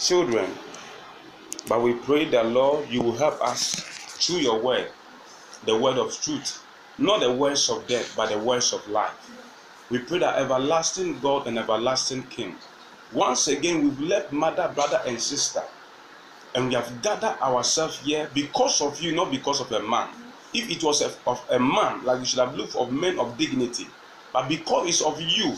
children. But we pray that, Lord, you will help us through your word, the word of truth, not the words of death, but the words of life. We pray that everlasting God and everlasting King. Once again, we've left mother, brother, and sister, and we have gathered ourselves here because of you, not because of a man. If it was of a man, like we should have looked for men of dignity, but because it's of you,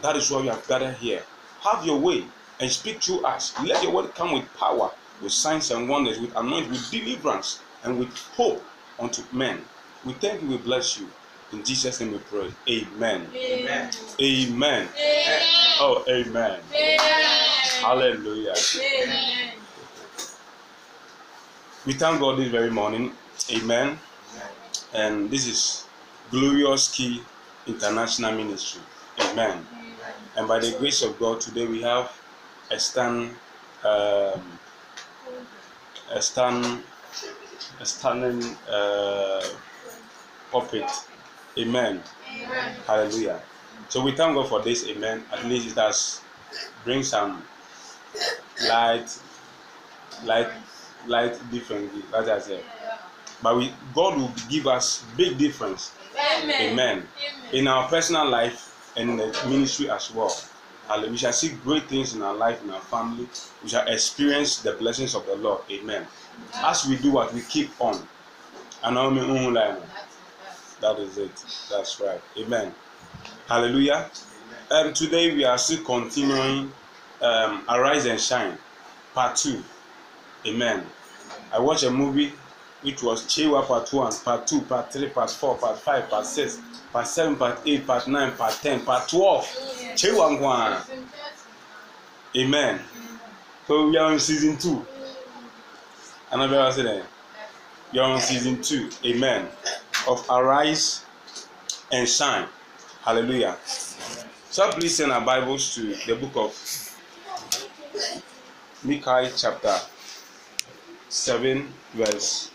that is why we have gathered here. Have your way and speak through us. Let your word come with power, with signs and wonders, with anointing, with deliverance, and with hope unto men. We thank you, we bless you. In Jesus' name we pray. Amen. Amen. Amen. amen. Oh, amen. amen. Hallelujah. Amen. We thank God this very morning. Amen. And this is Glorious Key International Ministry. Amen. And by the grace of God, today we have están, uh, um, están, están en uh, puppet. Amen. Amen. Hallelujah. So we thank God for this. Amen. At least it does bring some light, light, light differently, Like I said. But we, God will give us big difference. Amen. Amen. Amen. In our personal life and in the ministry as well. Hallelujah. We shall see great things in our life, in our family. We shall experience the blessings of the Lord. Amen. Yeah. As we do what we keep on. and That is it. That's right. Amen. Hallelujah. And Um, today we are still continuing um, Arise and Shine, part two. Amen. I watched a movie which was Chewa part one, part two, part three, part four, part five, part six, part seven, part eight, part nine, part ten, part twelve kyewa nko ara amen so we are in season two anabɛwa se dɛ we are on season two amen of arise and shine hallelujah so please send our bibles to the book of Micah chapter seven verse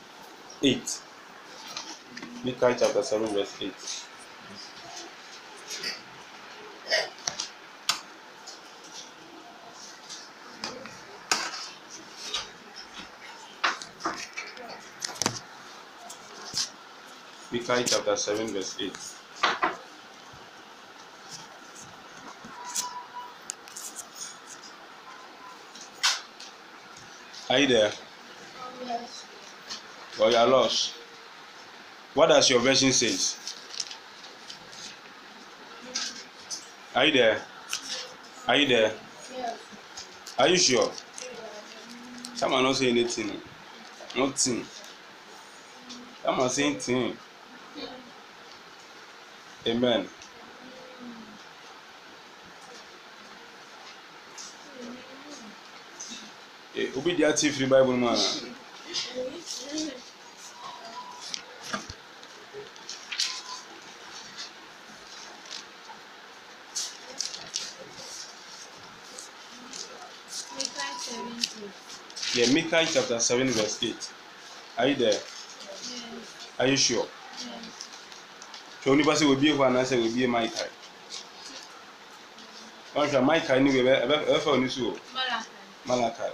eight Micah chapter seven verse eight. Malachi chapter 7 verse 8. Are you there? Yes. Well, you are lost. What does your version say? Are you there? Are you there? Yes. Are you sure? Yes. Some are not saying anything. Nothing. Some are saying thing. Amen. Eh, obi di ati firi bible mu ana Yeah, Micah chapter 7 verse 8. Are you there? Yes. Are you sure? sɛ onipa sɛ wobie hɔ anaasɛ wobie maikae ɔnhwɛ maikae ne wei ɛbɛfa ɔne so o malakae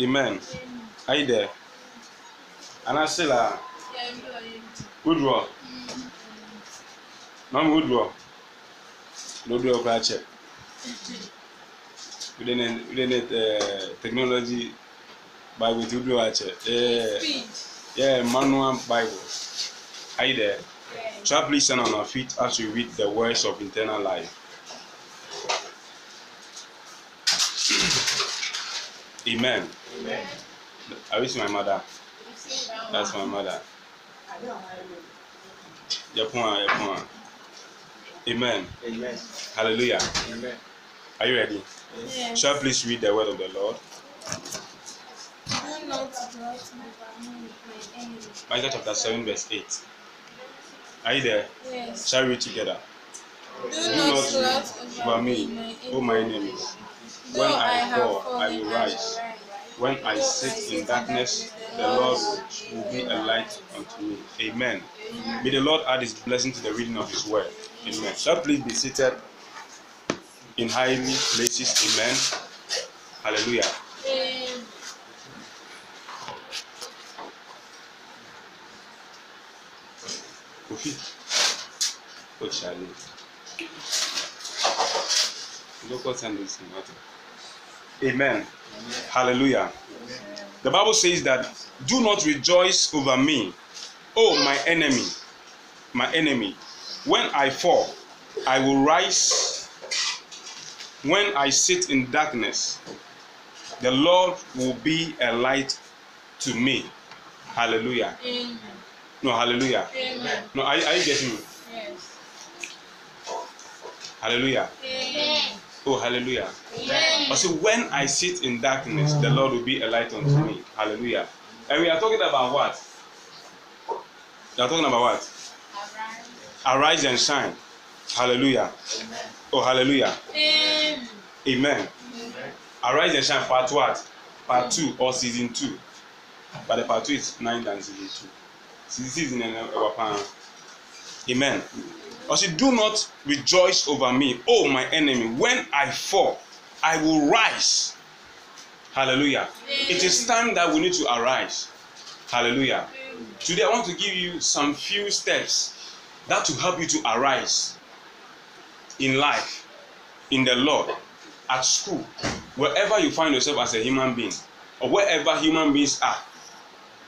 amen ayi dɛ anaasɛ la wodoɔ mama wodoɔ na wodoɔ koraa kyɛ wode ne wode ne eh, technology bible ti wodoɔ akyɛ ɛɛ. Yeah, manual Bible. Are you there? Yeah. So please stand on our feet as we read the words of internal life. Amen. Amen. I wish my mother. That's my mother. Yapuma, Yapuma. Amen. Amen. Hallelujah. Amen. Are you ready? Yes. Shall I please read the word of the Lord? Micah chapter 7, verse 8. Are you there? Yes. Shall we together? Do, Do not look over me, O my oh, enemies. When I fall, I will rise. When I sit in darkness, the Lord will be a light unto me. Amen. May the Lord add his blessing to the reading of his word. Amen. Shall please be seated in highly places. Amen. Hallelujah. купить. Хочешь олей. Look what I'm doing. Amen. Hallelujah. The Bible says that do not rejoice over me, oh my enemy, my enemy. When I fall, I will rise. When I sit in darkness, the Lord will be a light to me. Hallelujah. Amen. No, hallelujah. Amen. No, are, are you getting me? Yes. Hallelujah. Amen. Oh, hallelujah. Amen. But see, when I sit in darkness, the Lord will be a light unto me. Hallelujah. And we are talking about what? We are talking about what? Arise, Arise and shine. Hallelujah. Amen. Oh, hallelujah. Amen. Amen. Arise and shine, part what? Part two or season two? But the part two is nine than season two. disease na ẹwà pan amen she do not rejoice over me o my enemy when i fall i will rise hallelujah it is time that we need to arise hallelujah today i want to give you some few steps that will help you to arise in life in the lord at school wherever you find yourself as a human being or wherever human beings are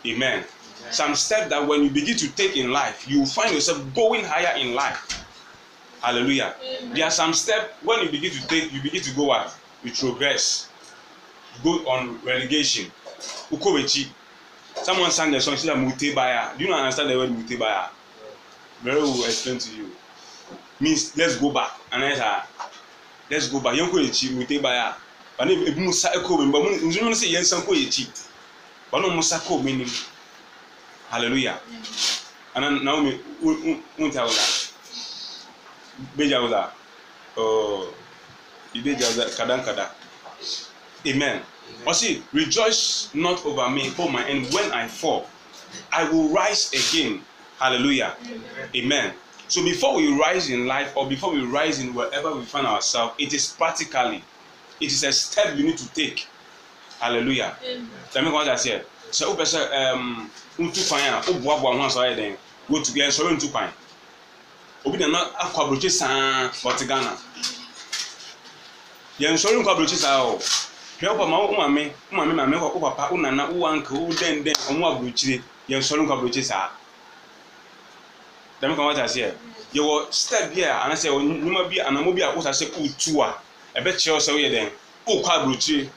amen some steps that when you begin to take in life, you find yourself going higher in life. Hallelujah. Amen. There are some steps when you begin to take, you begin to go up, you progress, go on relegation. Ukobechi. Someone sang the song, she said, Mutebaya. Do you not understand the word Mutebaya? Mary will explain to you. Means, let's go back. And I said, uh, let's go back. Yonko echi Mutebaya. But if Musa Ekobe, but Musa echi. but Musa Ekobe, hallelujah And then naomi unti awuza beji awuza oh ibeji awuza kadan kada amen ọsì rejoice not over me o my end when i fall i will rise again hallelujah amen so before we rise in life or before we rise in wherever we find ourselves it is practically it is a step we need to take hallelujah. Amen. Let me come out here. sɛ wopɛ sɛ a woboaboa ho a den wotu yɛ nsɔre ntu kwan obi akɔ saa ɔte ghana yɛ nsɔre nkɔ saa o hwɛ wo pama wo maame maame maame wo papa wo ọ ɔmo aburokyire yɛ nsɔre nkɔ aburokyi saa dɛm kan wata yɛwɔ bi a anasɛ yɛwɔ bi bi a a ɛbɛkyerɛ sɛ woyɛ wokɔ aburokyire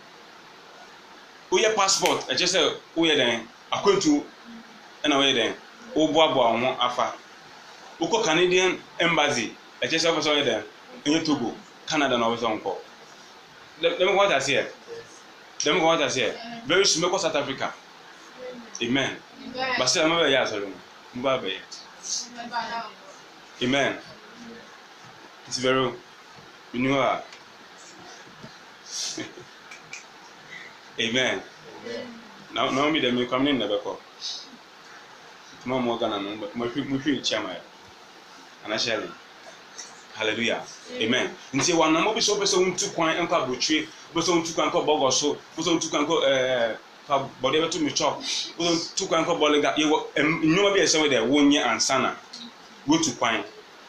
woyɛ passport ɛkyɛ sɛ woyɛ dɛn akwantuo ɛna woyɛ dɛn woboaboa wo ho afa wokɔ canadian embassy ɛkyɛ sɛ wopɛ sɛ woyɛ dɛn ɛnyɛ togo canada na wopɛ sɛ nkɔ dɛm kɔ wataseɛ dɛm kɔ wataseɛ very soon mɛkɔ south africa amen basɛ ɛma bɛyɛ asɔre no mobaa bɛyɛ amen It's very. menim a amen na na mi da mi kwam ne na bɛkɔ tuma mu ɔgana no mu hwɛ kyia ma yɛ hallelujah amen nti wɔnam obi sɛ wopɛ sɛ wontu kwan nkɔ aburokyi wopɛ sɛ wontu kwan nkɔ bɔgɔ so wopɛ sɛ wontu kwan nkɔ ɛɛ eh, fa bɔdeɛ bɛto mi chop wopɛ sɛ wontu kwan nkɔ bɔlega yɛwɔ nnwuma bi yɛ sɛ wɔde wɔnyɛ ansana wotu kwan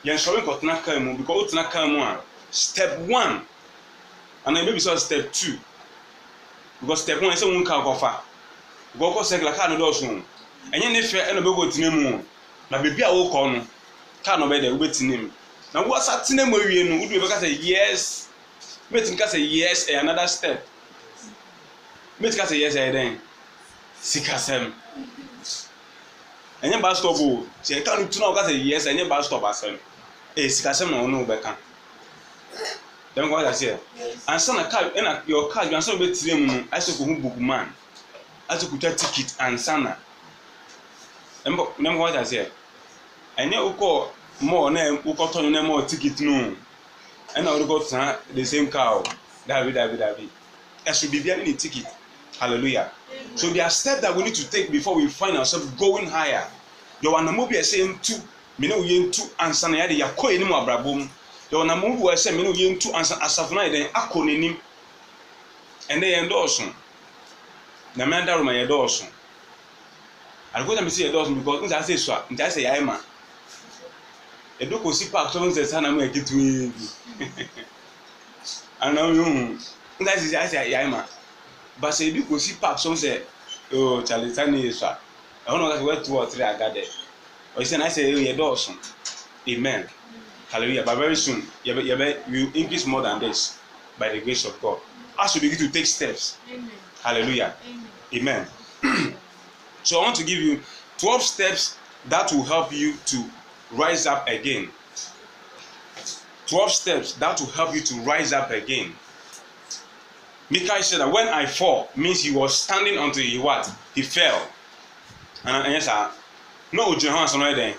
yɛn sɔrɔ nkɔtena kaa mu bikɔ wotena kaa mu a step one ana ebi bi sɛ step two because step one ɛsɛ wɔn nka kɔfa gɔkɔ sɛgla kaa no dɔɔso ɛnyɛ ne fɛ ɛna ɔbɛkɔ tena mu na beebi a wɔkɔ no kaa na ɔbɛda ɔbɛtena mu na wɔasa tena mu awie no wodu ɛbɛka sɛ yes mɛtini ka sɛ yes ɛyɛ eh, another step mɛtini ka sɛ yes ɛyɛ dɛn sikasɛm ɛnyɛ baa stop o sɛ ɛka no tu na ɔka sɛ yes ɛnyɛ baa stop asɛm ɛyɛ sikasɛm na ɔno ɔbɛka dɛm kɔ wata seɛ ansa na kaa ɛna yɛ kaa dwa ansa na obetire mu no ayɛ sɛ ko hu buku man asɛ ko twa tikit ansa na dɛm kɔ dɛm kɔ wata seɛ ɛnyɛ wokɔ mɔɔ na wokɔ tɔn na mɔɔ tikit no ɛna wɔde kɔ tena the same car o daabi daabi daabi ɛso biribiara ne ne tikit hallelujah so there are steps that we need to take before we find ourselves going higher yɛ wɔ anamobi ɛsɛ ntu mene wo yɛ ntu ansa na yɛ de yɛ akɔ yɛ ne mu abrabɔ deɛ ɔnam wo buae sɛ mene wo yɛntu asafo no ayɛ dɛn akɔ n'anim ɛnɛ yɛn dɔɔso nyame adaroma yɛ dɔɔso adekoda me sɛ yɛ dɔɔso because ntaa sɛ sua ntaa sɛ yɛayɛ ma ɛdo kɔsi park tɔ nsɛ saa na mo yɛ ketewee bi anam yɛ sɛ yɛayɛ sɛ yɛayɛ ma but sɛ ebi si park tɔ nsɛ oo kyale na yɛ sua ɛhɔ na ɔka sɛ wɔatu ɔtere aga dɛ na sɛ yɛ dɔɔso amen. hallelujah but very soon yɛbɛ yɛbɛ we will increase more than this by the grace of god as we begin to take steps amen. hallelujah amen, amen. so i want to give you twelve steps that will help you to rise up again twelve steps that will help you to rise up again Mikael said that when I fall means he was standing until he what? He fell. And I sir. no Johansson no, then.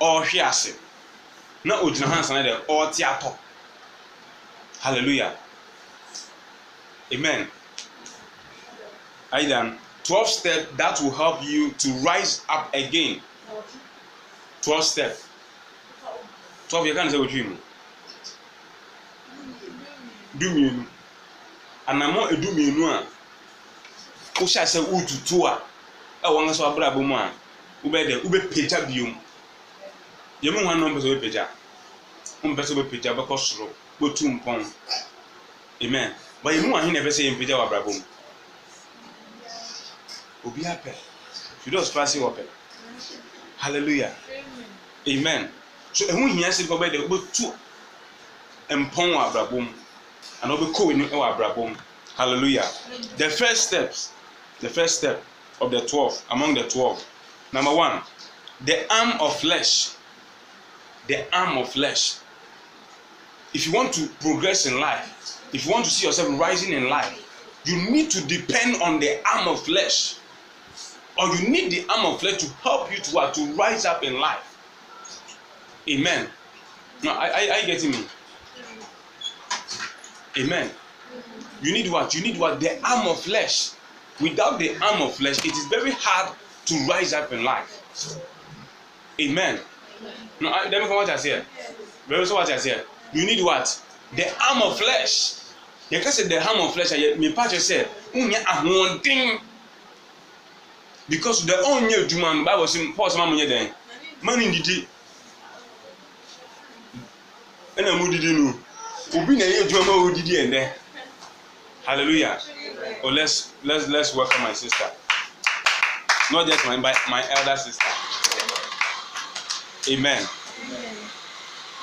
Or oh, he has na ogyina ha asan dɛ ɔte atɔ hallelujah amen aidan twelve step that will help you to rise up again twelve step twelve yɛ ka ne sɛ wotwi mu du mmienu anamɔ edu mmienu a wohyɛ sɛ wotutu a ɛwɔ eh, nga so abrabɔ mu a wobɛ dɛ wobɛ pagya biom deɛ mu wɔn no mpɛ sɛ wɔbɛpagya wɔn mpɛ sɛ wɔbɛpagya bɛkɔ soro bɛtu mpɔn amen Ba yɛ mu wɔn ahen na ɛbɛ sɛ yɛn pagya wɔ abrabɔ mu obi apɛ judas paase wɔ pɛ hallelujah amen so ɛho hia sɛ nkɔbɛ deɛ wɔbɛtu mpɔn wɔ abrabɔ mu anaa wɔbɛkɔ wɔn anim wɔ abrabɔ mu hallelujah the first steps the first step of the twelve among the twelve number one the arm of flesh. the arm of flesh. If you want to progress in life, if you want to see yourself rising in life, you need to depend on the arm of flesh. Or you need the arm of flesh to help you to, uh, to rise up in life. Amen. Now, are, are you getting me? Amen. You need what? You need what? The arm of flesh. Without the arm of flesh, it is very hard to rise up in life. Amen. No, I, let me come what I say. Very me what I say. You need what? The arm of flesh. You can say the arm of flesh. my Me patch yourself. one thing. Because the only human Bible says Paul says man then. Man in didi. Ɛna mu didi nu. Obi na yɛ adwuma ma odidi ɛnɛ. Hallelujah. Oh, let's let's let's welcome my sister. Not just my my elder sister. Amen. Amen.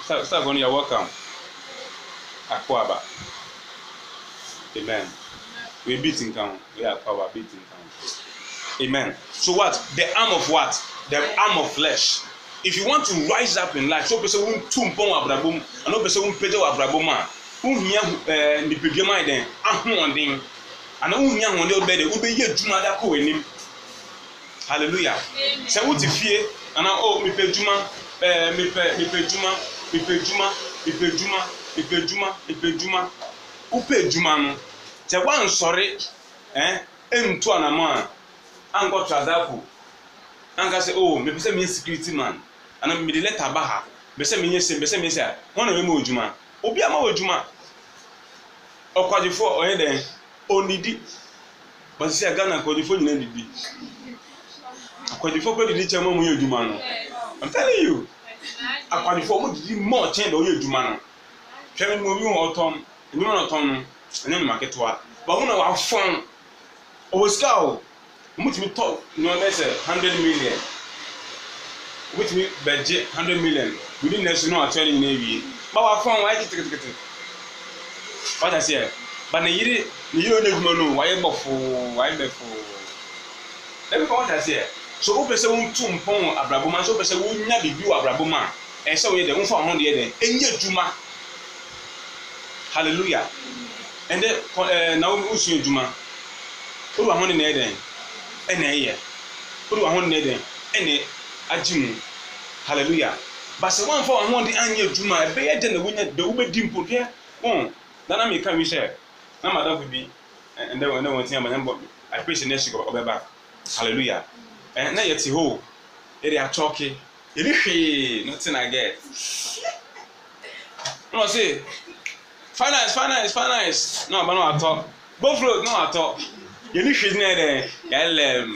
Sir, sir Bonnie, you're welcome. Akwaba. Amen. We're beating down. We are power beating down. Amen. So what? The arm of what? The arm of flesh. If you want to rise up in life, so person wun tomb mpɔn wɔ abrabɔ mu, ano pese wun pete wɔ abrabɔ mu a, wun hia ɛɛ eh, nipadua maa on dɛ, and who wun on ahoɔden bɛɛ dɛ, wun bɛ yɛ adwuma adakɔ wɔ anim. Hallelujah. what if fie. ana o oh, mepe juma eh, mepe mepe juma mepe juma mepe juma mepe juma mepe juma upe juma no sɛ wansɔre eh, ɛn ɛntu anamɔ a anko tradako anka sɛ o oh, mepɛ sɛ meyɛ security man ana mede lɛta ba ha mepɛ sɛ meyɛ se mepɛ sɛ meyɛ se a wɔn na bɛ ma odwuma obi ama wɔ odwuma ɔkwadifo ɔyɛ dɛn onidi bɔsisi a ghana akwadifo nyinaa didi. akwadifo bɛ didi kyɛn mu yɛ adwuma no i'm telling you akwadifo mu didi mɔɔ kyɛn na ɔyɛ adwuma no twɛn mu obi wɔn ɔtɔn enyima na ɔtɔn no ɛnyɛ nnuma ketewa baako na wafɔn ɔwɔ sika o ɔmutumi tɔ nyɔn bɛ sɛ hundred million ɔmutumi bɛgye hundred million within next no atwɛn ne nyinaa wie ba wafɔn wɔayɛ kitikitikiti wata seɛ ba ne yiri ne yiri onye adwuma no wɔayɛ bɔ foo wɔayɛ bɛ foo ɛbi kɔ wata seɛ so wopɛ sɛ wotu mpɔn abrabɔ mu nso wopɛ sɛ wonya biribi wɔ abrabɔ mu a ɛyɛ sɛ woyɛ dɛ wofa wɔn ho deɛ dɛ enye adwuma hallelujah ɛnɛ ɛɛ na wosu adwuma wodi wɔn ho ne na ɛyɛ dɛ ɛna ɛyɛ wodi wɔn ho ne na ɛyɛ dɛ ɛna agye mu hallelujah basa wɔn fa wɔn ho de anyɛ ɛbɛyɛ dɛ na wonya dɛ wobɛdi mpo deɛ wɔn nana mi ka mi hyɛ na madam bi ɛnɛ wɔn ti yɛ ma ɛnɛ bɔ apɛsi nɛɛsi ɔbɛba hallelujah. Eh, na hwee no na get na ɔse finance finance finance na ɔba na watɔ bofrot na watɔ yɛde hwee na yɛde yɛlɛm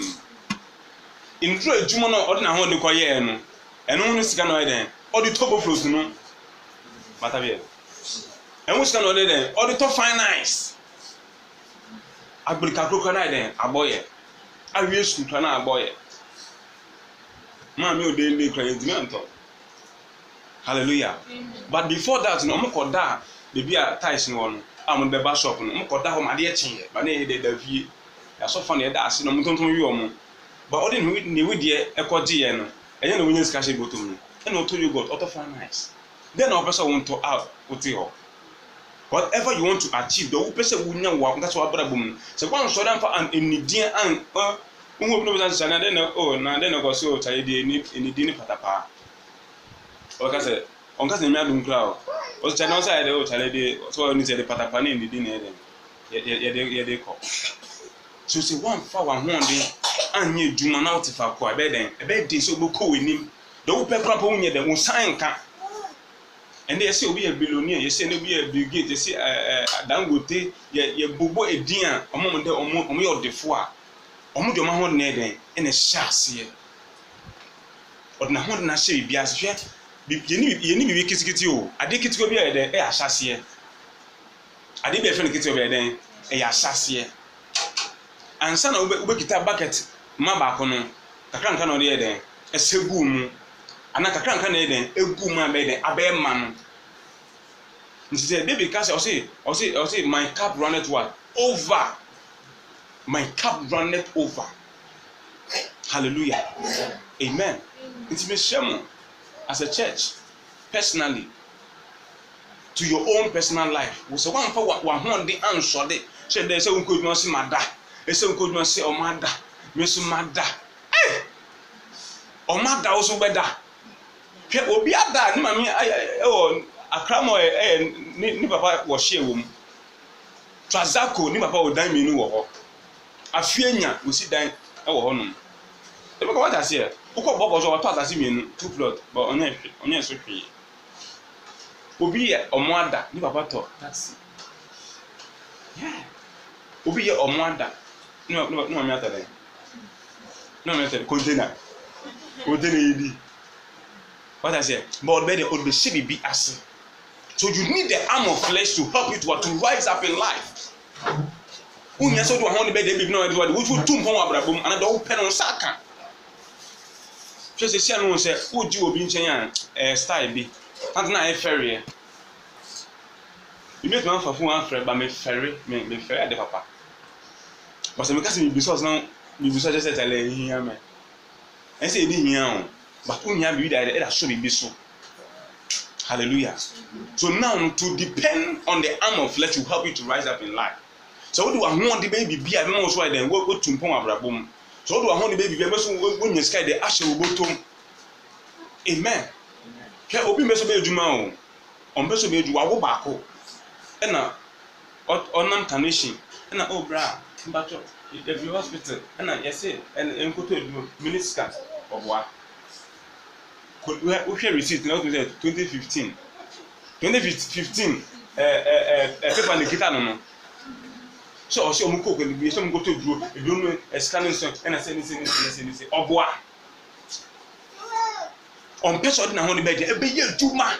mm, nturo adwuma no ɔde n'aho de kɔyɛɛ no ɛno no sika na ɔyɛ dɛn ɔde tɔ bofrot no bata bi yɛ ɛho sika na ɔde dɛn ɔde tɔ finance agbirikakuro na yɛ maame ò dé ndé kura yɛ di mɛntɔ hallelujah but before that no ɔmo kɔ da a beebi a tiles no wɔ no a ɔmo bɛ ba shop no ɔmo kɔ da hɔ ɔmo adeɛ kyenyɛ ba ne yɛ de da fie yasɔfo na yɛ da ase na ɔmo tontom wi ɔmo but ɔde ne wi deɛ ɛkɔ gye yɛ no ɛyɛ na ɔmo nye sika hyɛ bɔtɔ mu ɛna ɔtɔ yogurt ɔtɔ fa nice then ɔpɛ sɛ ɔmo tɔ a ɔte hɔ whatever you want to achieve dɔw pɛ sɛ wunya wa nkasa wa abɛrɛ bɔ mu sɛ wɔn nsɔrɔ nwo bi na sani ade na o na ade na kɔsi o ta edi eni eni di ni patapaa ɔka sɛ ɔnka sɛ nyamia dum kura o ɔsi ta na ɔsi ayɛ dɛ o ta edi ɔsi ɔyɛ ni sɛ ɛdi patapaa ne eni eh, eh, e di na yɛdɛ yɛde yɛde kɔ so sɛ wanfa w'ahoɔden anyɛ edwuma na ɔte fa kɔ ɛbɛyɛ dɛn ɛbɛyɛ den sɛ ɔbɛ kɔ wɔ enim dɛ ɔpɛ kura pɔ ɔnyɛ dɛ ɔsan nka ɛnna yɛsi obi yɛ bilionia yɛsi ɛnna obi yɛ bill gates yɛsi ɛɛ dangote yɛ yɛ bobɔ edin a ɔmo mo dɛ ɔmo ɔmo yɛ ɔdefoɔ a ɔmo deɛ ɔmo ahoɔden yɛ dɛn ɛna ɛhyɛ aseɛ ɔde n'ahoɔden ahyɛ biribi ase hwɛ yɛni bibi kitikiti o Ade ketewa bi a yɛ dɛn ɛyɛ ahyɛ aseɛ adeɛ bi a yɛfrɛ no ketewa bi a yɛ dɛn ɛyɛ ahyɛ aseɛ ansa na kita bucket mma baako no kakranka na ɔde yɛ e dɛn ɛsɛ gu mu anaa kakranka na yɛ dɛn egu e mu abɛyɛ dɛn abɛyɛ ma no nti sɛ david kasa ɔsi ɔsi ɔsi my cup runneth what over. my cup runneth over hallelujah amen nti mehyia mu as a church personally to your own personal life wosɛ wamfa wahoɔden ansɔde hyɛ dɛ sɛ wonkɔ adwuma sɛ mada ɛsɛ wonkɔ adwuma sɛ ɔma da me nso mada eh! ɔma da wo so bɛda hwɛ obi ada ne maame ɛwɔ akra ma ɛyɛ ne papa wɔhyɛ wɔ mu trazako ne papa wɔ dan mmienu wɔ hɔ asua nya wosi dan wɔ hɔnom ebi kɔ wɔte aseɛ wokɔ bɔbɔ so wɔtɔ asase mmienu two plot bɔ ɔnyɛ hwɛ ɔnyɛ so hwee obi yɛ ɔmo ada ne papa tɔ taxi yeah obi yɛ ɔmo ada ne ma ne ma ne ma mi ata dan ne ma mi ata container container yi bi wɔte aseɛ bɔ ɔbɛ de ɔbɛ si bi bi ase so you need the arm of flesh to help you to, to rise up in life wonya sɛ wode wahɔ ne bɛda bibi na wade wade wotu tum hɔ wɔ abrabɔ mu anadɛ wopɛ no nsa aka hwɛ sɛ sia no sɛ wogye obi nkyɛn a ɛyɛ style bi tantena ayɛ fɛreɛ ebi etuma afa fon afrɛ ba mefɛre me mefɛre ade papa bɔsɛ meka sɛ bibi sɔs na bibi sɔs kyɛ sɛ tɛlɛ ehia mɛ ɛsɛ edi hia o but wonya bibi da ɛda so bibi so hallelujah so now to depend on the arm of flesh will help you to rise up in life sɛ wode wahoɔde bɛyɛ biribia ɛbɛma wo so ayɛ dɛn wotu mpɔn abrabɔ mu sɛ wode wahoɔde bɛyɛ biribia bɛso wonya sika de ahyɛ wo bɔtɔm amen hwɛ obi mbɛ so bɛyɛ adwuma o ɔmbɛ so bɛyɛ adwuma wawo baako ɛna ɔnam tanation ɛna ɔbra mbatwɔ ɛbi hospital ɛna yɛse ɛna nkoto adwuma mini sika ɔboa wohwɛ receipt na wotumi sɛ 2015 2015 ɛɛ ɛɛ ɛɛ paper ne kita no no sɛ ɔhyɛ ɔmo kɔ okele bie sɛ ɔmo kɔtɔ duro eduro no ɛsika ne nsɛn ɛna sɛ ne se ne se ne se ne se ɔboa ɔmpɛ sɛ ɔde na ho ne bɛgye ɛbɛyɛ adwuma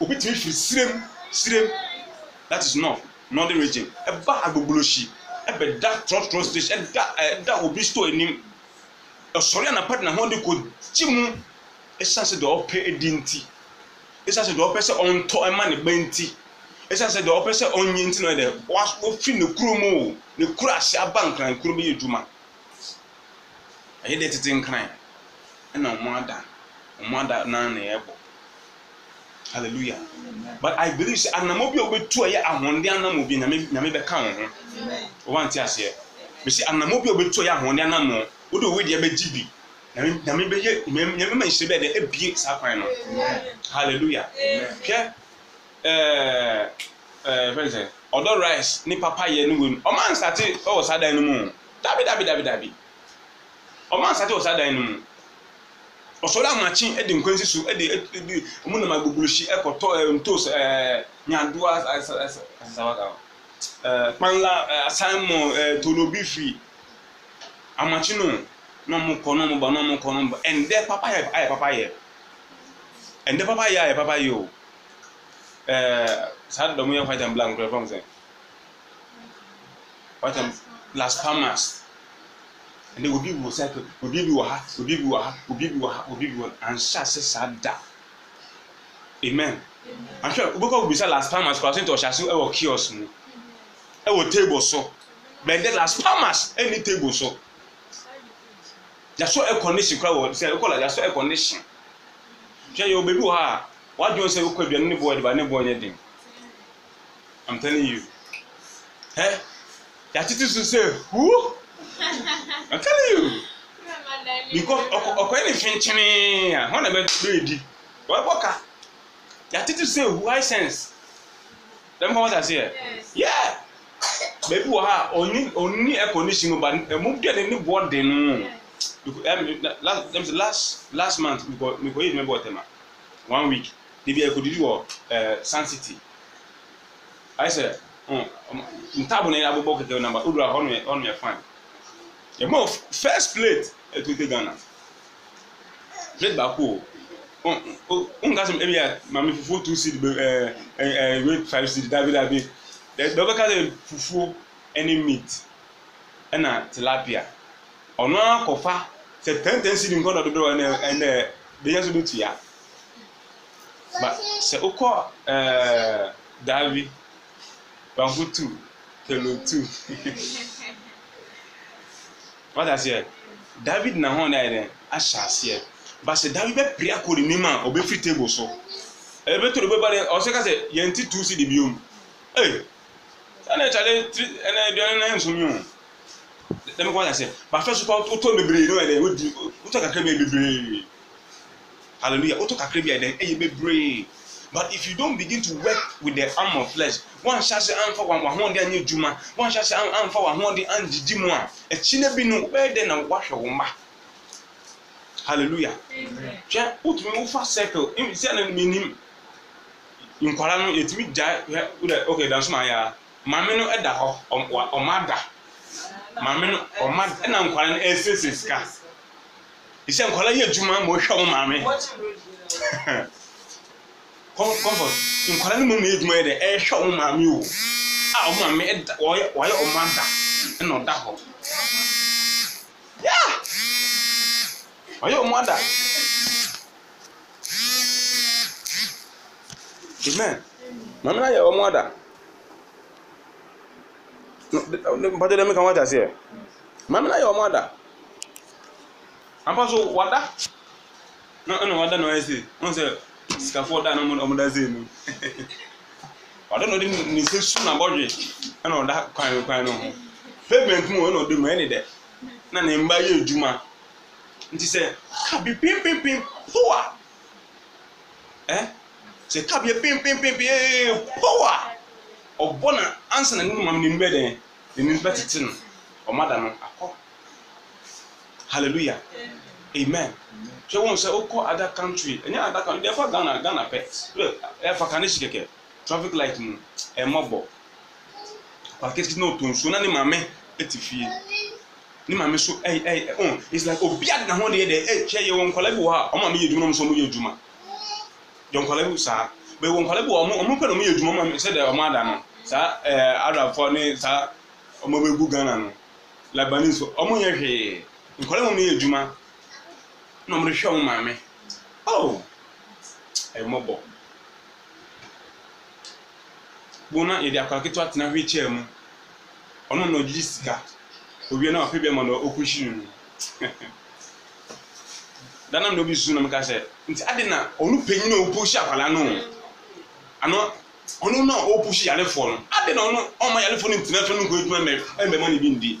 obi tumi firi sirem sirem that is north northern region ɛba agbogbolokyi ɛbɛda trɔtrɔ station ɛda ɛda obi store anim ɛsɔre anapa de na ho de kɔ gyi mu ɛsan sɛ deɛ ɔpɛ edi nti ɛsan sɛ deɛ ɔpɛ sɛ ɔntɔ ɛma ne ba nti. ɛsiane sɛ deɛ ɔpɛ sɛ ɔnyɛ nti na deɛ wɔfiri ne kuro mu o ne kuro ase aba nkran kuro bɛyɛ adwuma ɛyɛ deɛ tete nkran ɛna ɔmo ada ɔmo ada nan na ɛbɔ hallelujah but i believe sɛ anamɔ bi a wɔbɛtu ɛyɛ ahoɔden anamɔ bi nyame nyame bɛka wɔn ho wɔn ante aseɛ bɛsi anamɔ bi a wɔbɛtu ɛyɛ ahoɔden anamɔ wɔde owo deɛ bɛgye bi nyame nyame bɛyɛ nyame ma nhyire bɛyɛ deɛ ebie saa kwan no hallelujah hwɛ. ɛɛ eh, eh, rice ne papayɛ ne wɔm ɔmo ansate ɛwɔ saa dan no mu dabi dabi dabi dabi ɔmo ansate wɔ saa dan no mu ɔsɔre amakye ɛde so ɛde ɛde edi nam edi ɛkɔtɔ ɛɛ ntos ɛɛ nyadoa ɛɛ kpanla asanmo ɛɛ tolobi amakye no na kɔ ba kɔ ba ɛndɛ papa yɛ ayɛ papa yɛ ɛndɛ papa yɛ ayɛ papa yɛ o. Eh, saa dɔdɔ mu yɛ white and black nkurɔfoɔ mu sɛ white and blasphemous ɛnna obi wɔ cycle obi bi wɔ ha obi bi wɔ ha obi bi wɔ ha obi bi wɔ ha ansa ase saa da amen ahwɛ obikɔ obisa blasphemous kɔ ase nti ɔhyɛ ase ɛwɔ kiosk mu ɛwɔ table so bɛnde blasphemous ɛni table so yasɔ air condition kura wɔ sɛ ɛkɔ la yasɔ air condition hwɛ yɛ obebi wɔ ha wadwene sɛ wokɔ aduane ne boɔ de ba ne boɔ boy, anything. i'm telling you Hey, hɛ yɛatete to say who? i'm telling you because ɔkɔyɛ ne fenkyene a hɔ na bɛɛdi wɔbɔ ka yɛatete to say who high sense me dɛm kɔ wata seɛ yeah baabi wɔ ha a ɔni ɔni air condition ba ɛmu duane ne boɔ den no ɛm last last month mekɔ mekɔ yɛ edwuma bi wɔ tɛma one week ebi ɛkɔdidi wɔ ɛɛ san city ayɛ sɛ ntaabo na yɛ abobɔ kɛkɛ namba o dura hɔ no yɛ hɔ no yɛ fine yɛ mɔ first plate ɛtu ɛkɛ ghana plate baako o o nka sɛ ebi yɛ maame fufuo two seed bɛ ɛɛ ɛɛ wait five seed dabi dabi dɔbɛ ka sɛ fufuo ɛne meat ɛna tilapia ɔno akɔfa sɛ ten ten seed nkɔdɔ dodo ɛnɛ ɛnɛ bɛyɛ so bɛ tuya ba sɛ wokɔ ɛɛ eh, daabi banku tu kelo tu wata seɛ daabi na hɔn na yɛ dɛ ahyɛ aseɛ ba sɛ daabi bɛ piri akɔ ne nim a ɔbɛfiri table so ɛbɛtɔ de bɛba de ɔsɛ ka sɛ yɛn ti tu si de bi omu ee sanni ɛkyɛlɛ tiri ɛnɛ aduane na yɛn nso mi o dɛmɛ kɔ wata seɛ ba fɛ so kɔ wotɔ bebree ne yɛ dɛ wodi wotɔ kakra mi yɛ bebree hallelujah woto kakra bi a ɛdɛn ɛyɛ bebree but if you don't begin to work with the arm of flesh wọn ahyɛ ase anfa wọn ahoɔden anyɛ adwuma wọn ahyɛ ase anfa wọn ahoɔden angyegye mu a akyi na bi no bɛyɛ dɛ na wahwɛ wɔn mma hallelujah hwɛ wotumi wofa circle sɛ na menim nkwara no yɛtumi gya hɛ wodɛ okay danso ma yɛa maame no da hɔ ɔma da maame no ɔma ɛna nkwara no ɛsɛ sɛ sika sɛ nkɔla yɛ adwuma ma ɔhwɛ mo maame comfort nkɔla no mu na adwuma yɛ dɛ ɛhwɛ mo maame o a ɔmo maame ɛda wɔyɛ wɔyɛ ɔmo ada ɛna ɔda hɔ yaa wɔyɛ ɔmo ada amen maame na yɛ ɔmo ada mpatɛ dɛ mi ka wɔn ata seɛ maame na yɛ ɔmo ada. so wada no no wada no ese no se sikafu wada no mo da no wada no de ni se su na bodwe na oda kwan kwan no ho pavement mu na odi mu ene de na ne mba ye ejuma nti se ka bi poa eh se ka bi pim pim pim pim poa ọbọ na ansa na nínú mamu ni mbẹ dẹ ẹni bẹ tètè no ọmọ no akọ. hallelujah amen hwɛ wɔn sɛ wokɔ other country ɛnyɛ other country deɛ ɛfa ghana ghana pɛ ɛfa kane si kɛkɛ traffic light mu mm, ɛmɔ bɔ paketi na oto nsuo na ne maame ɛte fie ne maame so ɛyɛ ɛyɛ ɔn it's like obi a na ho deɛ deɛ ɛkyɛ yɛ wɔn nkɔla bi wɔ ha ɔmo a mi yɛ adwuma na ɔmo nso ɔmo yɛ adwuma yɛ nkɔla bi saa bɛ wɔn nkɔla bi wɔ ɔmo ɔmo pɛ na ɔmo yɛ adwuma ɔmo sɛ deɛ ɔmo ada no saa ɛɛ arabfoɔ ne saa ɔmo bɛ gu ghana no labanese ɔmo oh, yɛ hwee nkɔla wɔn yɛ adwuma na wɔn rehwɛ wɔn maame oh ɛyɛ mɔbɔ wɔn na yɛde akɔla ketewa tena hwee kyɛɛ mu ɔno na ɔgye sika owie na ɔpɛ bɛma na ɔkuhyi no dana na obi su na meka sɛ nti adi na ɔno panyin na ɔpuhyi akɔla no ano ɔno na ɔpuhyi yalefoɔ no adi na ɔno ɔma yalefoɔ no ntena fɛn no nkɔ edwuma mɛ ɛmɛ ma ne bi ndi.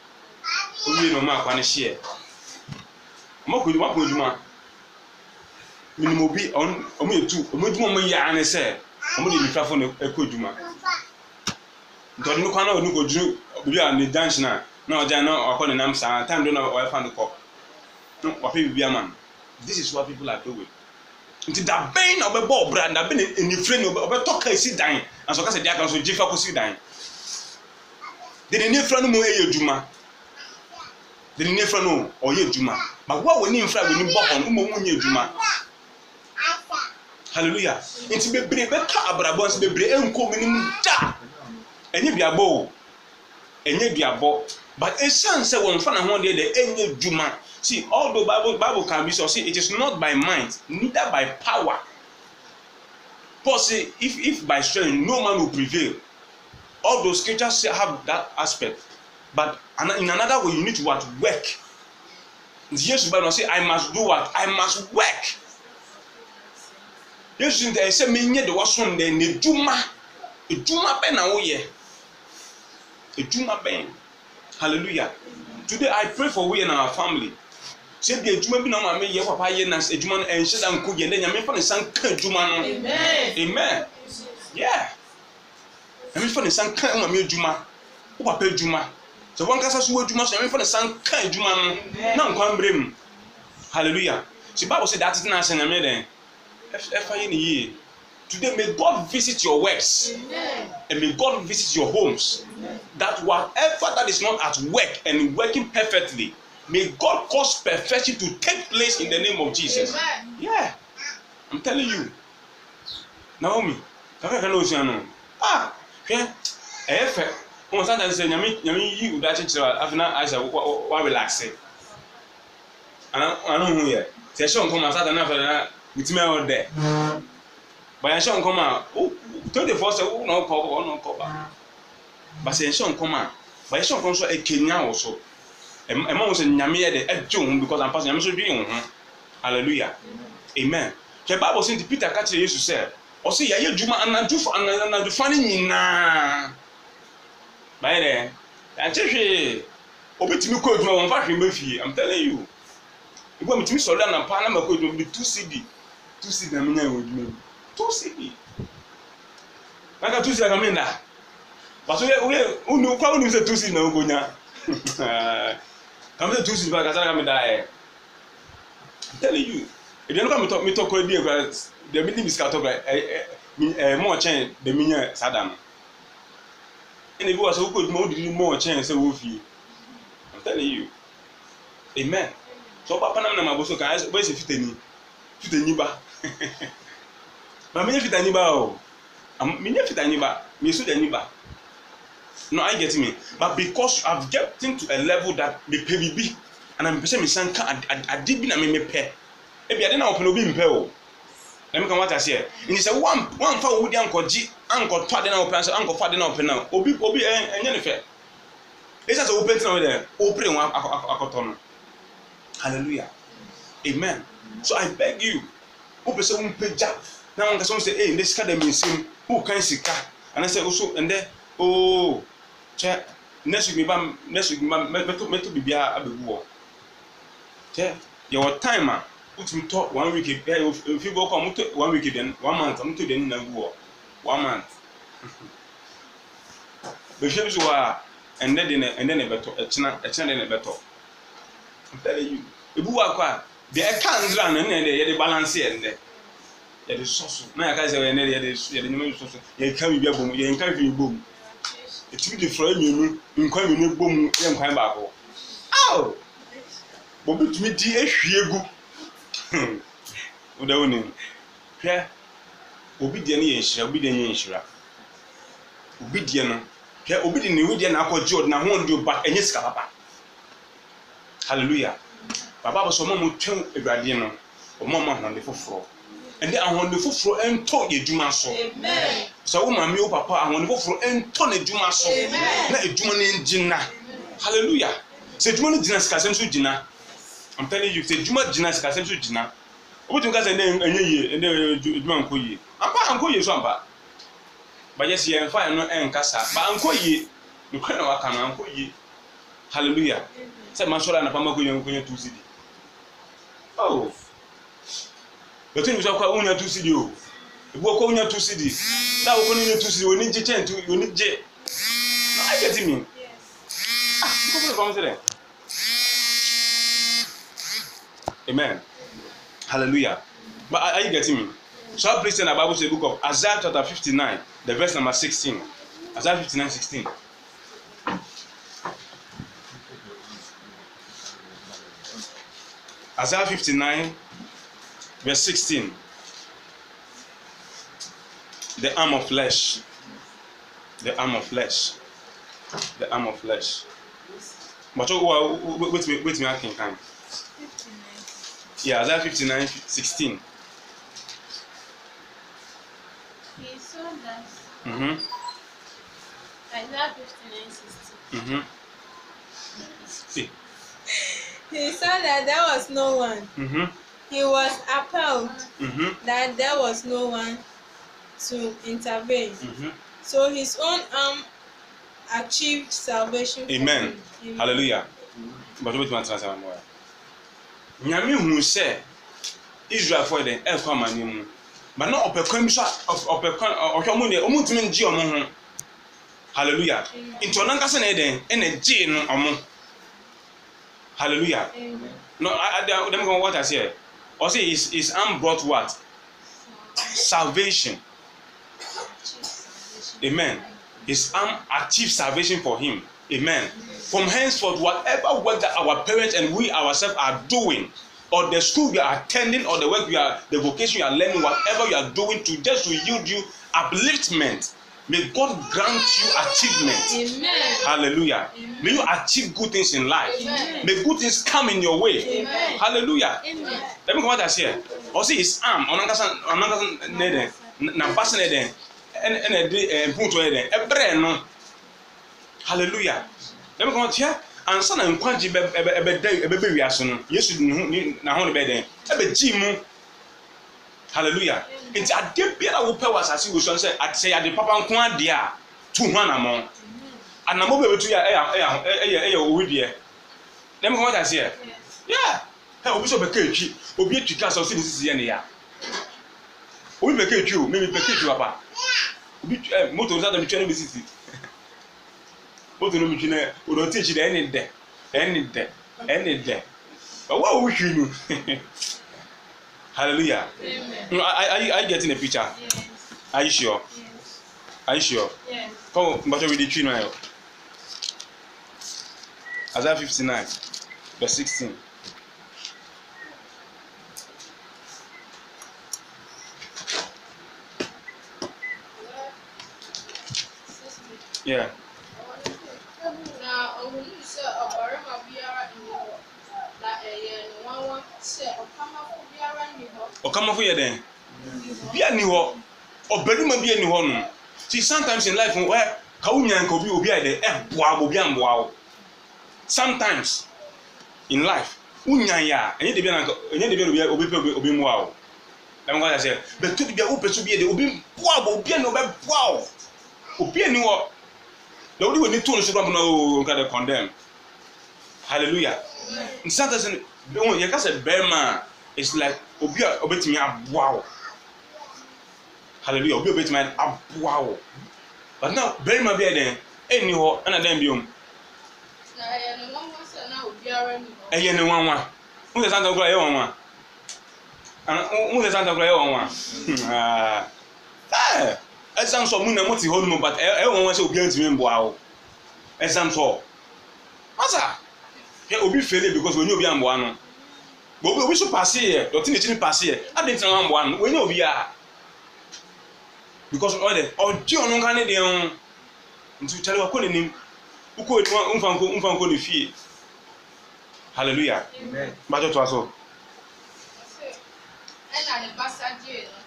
wowie na ɔma akwa no hyeɛ ɔma kɔ adwuma kɔ adwuma menim obi ɔmo yɛ tu ɔmo adwuma ɔmo yɛ ane sɛ ɔmo de nifrafo no ɛkɔ adwuma nti kwan na ɔde no kɔdwiri biribi a ne dan hyena na ɔgya na ɔkɔ ne nam saa time do na ɔyɛfa no kɔ na wapɛ biribi ama no this is what people are doing nti dabɛn na ɔbɛbɔ ɔbra dabɛn na enifire na ɔbɛtɔ kaa esi dan na sɔ kasa di aka nso gyefa kɔ si dan de ne nifira no mu yɛ adwuma de ne nefra no ɔyɛ adwuma ma wo a w'ani nfra w'ani bɔ hɔ no mmom nyɛ adwuma hallelujah nti bebree bɛka abrabɔ nso bebree nkɔ mu nim da ɛnyɛ duabɔ o ɛnyɛ duabɔ but esan sɛ wɔn fa na ho deɛ deɛ ɛnyɛ adwuma see although bible bible can be so see, it is not by mind neither by power paul say if if by strength no man will prevail all those scriptures have that aspect but in another way you need to what work Jesus bible say i must do what i must work Jesus yesu ntɛ sɛ menye de wɔso ndɛ e na edwuma e Juma, bɛn na woyɛ Juma bɛn hallelujah today i pray for we and our family sɛ deɛ Juma bi na maame yɛ papa yɛ na edwuma no ɛnhyɛ da nko yɛ ndɛ nyame fa ne nsa nka edwuma no amen yeah nyame fa ne nsa nka maame edwuma wo papa edwuma sɛ wankasa so wadwuma so nyamefo ne san ka adwuma no na nkwa mbrɛ hallelujah si bible sɛ daa tete na ahyɛ nyame dɛn ɛfa yɛ ne yie today may god visit your works and may god visit your homes that whatever that is not at work and working perfectly may god cause perfection to take place in the name of jesus yeah i'm telling you naomi kakaka na osua no ah hwɛ ɛyɛ eh, wɔn santa sɛ nyame nyame yi wura akyekyere wa afei na ayisa wa wa relaxe ana ana hu yɛ sɛ ɛhyɛ nkɔm a santa na afei na wotumi ayɛ ɔdɛ baya ɛhyɛ nkɔm a o twenty four sɛ wɔn na ɔkɔ ɔkɔ wɔn na ɔkɔ ba basa ɛhyɛ nkɔm a baya ɛhyɛ nkɔm nso ɛkenya wɔ so ɛma wɔn sɛ nyame yɛ de ɛgye wɔn because ampa sɛ nyame nso dwi wɔn ho hallelujah amen hwɛ baabu sɛ nti peter ka kyerɛ yesu sɛ ɔsɛ yɛayɛ dwuma anadufo anadufo ne nyinaa. My dɛ yankyɛ obi tumi kɔ edwuma wɔn fa hwee mbɛ fie i'm telling you ebi mi tumi sɔrɔ na paa na ma kɔ edwuma bi two cd two cd na mi nya wɔ edwuma mu two cd n'aka two cd na mi na pato yɛ oyɛ unu kɔ unu sɛ two cd na ogo nya kàmi sɛ two cd ba kasa na kàmi da yɛ i'm telling you eduane kɔ mi tɔ mi tɔ kɔ edi ekura deɛ mi di mi sika tɔ kura ɛ ɛ ɛ mɔɔkyɛn deɛ mi nya sada no. And if you are so good, more did more chance of you. I'm telling you. Amen. So papa nam na maboso ka aso bese fitani. Fitani ba. Ma menye fitani ba o. Am menye fitani ba. Me so dani ba. No, I get me. But because I've gotten to a level that me pay bibi and I'm person me I did be na me me pay. Ebi I didn't open obi pay. o. let me come kan wata se. He said one one fa wo di ankɔgye ankɔtɔ adeɛ na wɔpɛ ankɔfa adeɛ na wɔpɛ na obi obi ɛnyɛ ne fɛ esa sɛ wopɛ tena wo deɛ wopere ho akɔtɔ no hallelujah amen so i beg you wopɛ sɛ wompagya na wɔn nkasa wɔn sɛ ee eh, ndɛ sika dɛm nsɛm wokan sika anasɛ woso ndɛ ooo oh, kyɛ next week mi ba next week mi ba mɛto mɛto biribiara abɛgu wɔ kyɛ yɛwɔ time a ah, wotumi tɔ one week ɛɛ ofi bɔ kɔ a motɔ one week den one month a motɔ den nyinaa gu wɔ. one month bɛhwɛ bi so hɔ a na ɛndɛ na ɛbɛtɔ ɛkyina ɛkyina de na ɛbɛtɔ ntɛlɛ yi ebi wɔ akɔ a deɛ ɛka ndra no ɛna yɛde yɛde balance yɛ ndɛ yɛde sɔso na yɛka sɛ ɛnɛ yɛde yɛde nyɛma bi sɔso yɛka bi bi abom yɛnka bi obi deɛ no yɛ nhyira obi deɛ no yɛ nhyira obi deɛ no hwɛ obi de ne ho deɛ n'akɔ gye ɔde n'ahoɔ de ba ɛnyɛ sika papa hallelujah baba bɛ sɛ ɔmo a mo twɛn awuradeɛ no ɔmo a mo ahoɔden foforɔ ɛnde ahoɔden foforɔ ɛntɔ edwuma so sɛ wo maame wo papa ahoɔden foforɔ ɛntɔ n'edwuma so na edwuma no gyina hallelujah sɛ edwuma no gyina sikasɛm so gyina i'm telling you sɛ edwuma gyina sikasɛm so gyina wobɛtumi ka sɛ ɛnyɛ yie ɛnɛ adwuma nkɔ yie ampa ankɔ yie so ampa bɛyɛ sɛ yɛmfa ɛno ɛnka saa ba ankɔ yie nokorɛ na waka no ankɔ yie halleluya sɛ masɔre anapa makɔnya nkɔnya tu sidi o bɛtu nimsɛ kɔ wonya tu sidi o ebu ɔkɔ wonya tu sidi na wokɔ no nya tu sidi wɔni gye kyɛn tu wɔni gye na ayɛ ti mi ah nkɔfɔ ne fam sɛ dɛ amen Hallelujah. But are, are you getting me? So please turn the Bible to the book of Isaiah chapter fifty-nine, the verse number sixteen, Isaiah fifty-nine sixteen. Isaiah 59, verse 16. The arm of flesh. The arm of flesh. The arm of flesh. But oh, wait me, wait me, I can Yeah, Isaiah 59, 16. He saw that. Mm-hmm. Isaiah 59, 16. Mm-hmm. he saw that there was no one. Mm-hmm. He was appalled mm-hmm. that there was no one to intervene. Mm-hmm. So his own arm achieved salvation. Amen. Amen. Hallelujah. my hmm nyame hu sɛ israelfoɔ de ɛkɔ amane mu ba na ɔpɛ kwan bi so a ɔpɛ kwan ɔhwɛ ɔmo deɛ ɔmo ntumi ngye ɔmo ho hallelujah nti ɔno ankasa na ɛdɛn ɛna gye no ɔmo hallelujah no ada dem kan wɔta seɛ ɔsɛ is is am brought what salvation amen his arm achieve salvation for him Amen. From henceforth, whatever work that our parents and we ourselves are doing, or the school you are attending, or the work you are, the vocation you are learning, whatever you are doing, to just to yield you upliftment. May God grant you achievement. Amen. Hallelujah. Amen. May you achieve good things in life. Amen. May good things come in your way. Amen. Hallelujah. Amen. Let me what I say. here. see his arm ɔnankasa ɔnankasa ne dɛ na basi ne dɛ ɛna ɛdi ɛɛ punto ne dɛ ɛbrɛ no hallelujah na mi kɔn tia ansa na nkwagye bɛ ɛbɛ ɛbɛ dɛ ɛbɛ bɛ wiase no yesu ne ho ne n'aho ne bɛ dɛ ɛbɛ gyi mu hallelujah nti ade biara wopɛ wɔ asase wɔ so sɛ sɛ yɛ ade papa nko adeɛ a tu ho anammɔ anammɔ bɛɛ bɛtu yɛ ɛyɛ ɛyɛ ɛyɛ ɛyɛ owu deɛ na mi kɔn tia seɛ yɛ ɛ obi sɛ ɔbɛka etwi obi etwi kaa sɛ ɔsi ne sisi yɛ ne ya obi bɛka etwi o mimi bɛka etwi papa obi ɛ eh, moto nsa dɛm etwi ɛna bɛ sisi moto no mu twi na wɔn ti akyi na ɛne dɛ ɛne dɛ ɛne dɛ ɛwɔ a wɔhwi no hallelujah no are you are you getting a picture yes. are you sure yes. are you sure yes. come mbacho we dey twi na yɛ isaiah fifty nine verse sixteen. Yeah. ɔkamafo yɛ dɛn bia ni hɔ ɔbɛnuma bia ni hɔ no see sometimes in life wɛ kawo nyan ka obi obi ayɛ dɛ ɛboa wo obi amboa wo sometimes in life wonyan yɛ a ɛnyɛ de bi na ɛnyɛ de bi na obi obi obi obi mboa wo ɛmu kɔ sɛ bɛtu de bi a wo pɛso bi yɛ de obi boa wo obi ɛni ɔbɛ boa wo obi ɛni hɔ na wodi wɔ ni tone so dɔbɔ na o nka de condemn hallelujah sometimes yɛ kasa bɛrima is like obi a ɔbɛtumi aboa wo hallelujah obi a ɔbɛtumi aboa wo but na barima bi yɛ dɛn ɛnni hɔ ɛna dɛn bi om. ɛyɛ ne nwanwa n sɛ santa kura yɛ nwanwa n ah. eh, sɛ santa kura yɛ nwanwa ɛsan so mu na mo te hɔ nom but ɛyɛ nwanwa sɛ obiara ntumi mboa wo ɛsan so masa hwɛ obi fele because wɔnyɛ obi a amboa no. obi obi so paaseɛ dɔte n'akyiri paaseɛ adi ntena wɔn mboa no wɔn nyɛ obi a because ɔde ɔgye ɔno nka ne deɛ ho nti kyale wakɔ n'anim wokɔ etu mfa nkɔ mfa nkɔ ne fie hallelujah mmadụ tụọ so.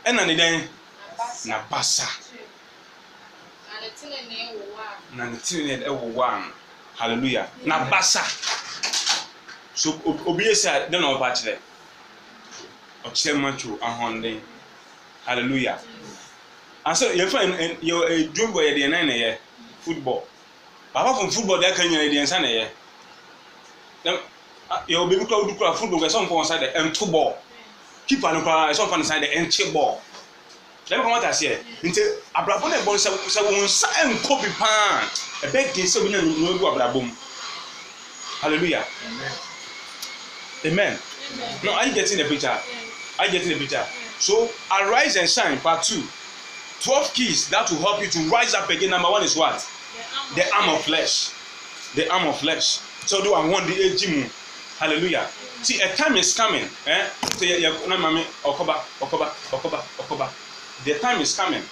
ɛna ne dan na basa na ne tiri ne ɛwɔ wa no hallelujah na basa. so obi esi a dɛ na ɔba kyerɛ ɔkyerɛ matthew ahoɔden hallelujah asɛ yɛfa yɛ edwom eh, bɔ yɛde nan na yɛ football papa fun football de aka nyina yɛde nsa na yɛ yɛ wɔ beebi kura wodi kura football kɛ sɔn pɔn sa de ɛnto ball keeper no koraa ɛsɔn pɔn sa de ɛnkye ball lɛbi kɔn ata seɛ nti abrabɔ na ɛbɔ nsa sɛ wɔn nsa ɛnkɔ bi paa ɛbɛ gye sɛ obi na nua gu abrabɔ mu hallelujah. Amen. Amen. Amen. No, are you getting the picture? Yes. Are you getting the picture? Yes. So, arise and shine, part two. Twelve keys that will help you to rise up again. Number one is what? The arm of flesh. The arm of flesh. So, do I want the age? Hallelujah. See, a time is coming. Eh? Say, yeah, no, mami. Okoba, Okoba, Okoba, Okoba. The time is coming.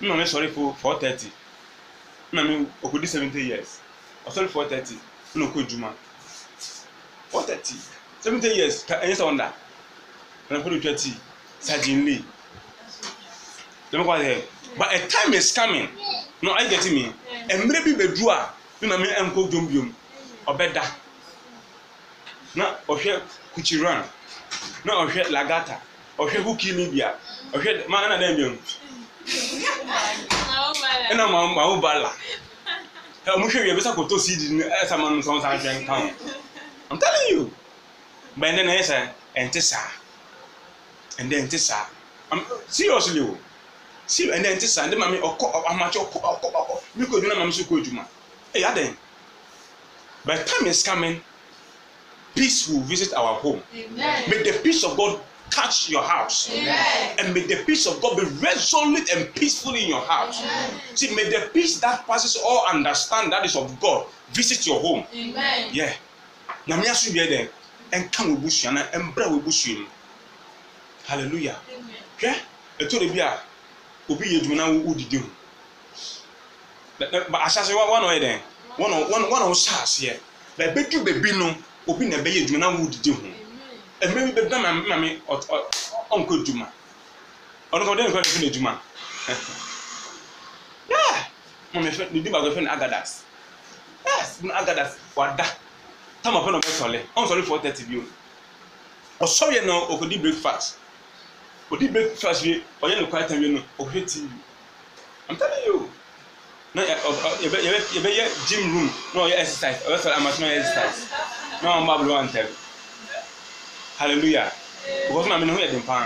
Mommy, sorry for 4.30. Mommy, Okudi 70 years. Oh, sorry, 4.30. No, Juma or thirty seventy years ka ẹ̀yin sọ ọ̀nà ẹ̀rọ̀pẹ̀lú twenty suddenly let me call it but a time is coming no are you getting me mmerɛ bi bɛ du a ne na mi ɛnkɔ dwom biom ɔbɛ da na ɔhwɛ kuchiran na ɔhwɛ lagata ɔhwɛ huki libya ɔhwɛ maa ɛna dɛm biom ɛna maa maa wo ba la ɔmo hwɛ wie ebi sɛ koto siidi ɛsɛ maa no nsɛn san hwɛ nkan o. I'm telling you. But then I say, and this and then this I'm seriously. Oh. See, and then this and then mommy ọkọ amachi ọkọ ọkọ ọkọ mi kò jùmọ̀ mami sì kò jùmọ̀. Hey, Adam. By the time is coming, peace will visit our home. Amen. May the peace of God touch your house. Amen. And may the peace of God be resolute and peaceful in your house. Amen. See, may the peace that passes all understand that is of God visit your home. Amen. Yeah nyame aso wie dɛ ɛnka wɔ busua na ɛmbra wɔ busua mu hallelujah hwɛ ɛtɔ de bi a obi yɛ adwuma na wodidi ho ahyase wɔn na ɔyɛ dɛn wa na ɔhyɛ aseɛ baabi du baabi no obi na ɛbɛyɛ adwuma na wodidi ho mmerɛ bi baabi na maame maame ɔnkɔ adwuma ɔno kɔn de ne kɔ ne fi na adwuma yɛ maame fɛ ne di baako fɛ ne agadas yɛ ne agadas wada táwọn ọ̀pẹ́ náà bẹ́ẹ̀ sọ̀lẹ̀ ọ̀n sọ̀rọ̀ four thirty bi o ọ̀sọ́rọ̀ yẹn náà òkòdì breakfast òdì breakfast yẹ ọ̀yẹ́ ní quiet time yẹn náà òkòdì tv i'm telling you na yẹ bẹ yẹ gym room na ọ̀yẹ́ exercise ọ̀yẹ́ sọ̀rọ̀ amasi na ọ̀yẹ́ exercise na ọ̀n bá bulọ́ àǹtẹ̀ hallelujah because maame ne ho yẹ den paa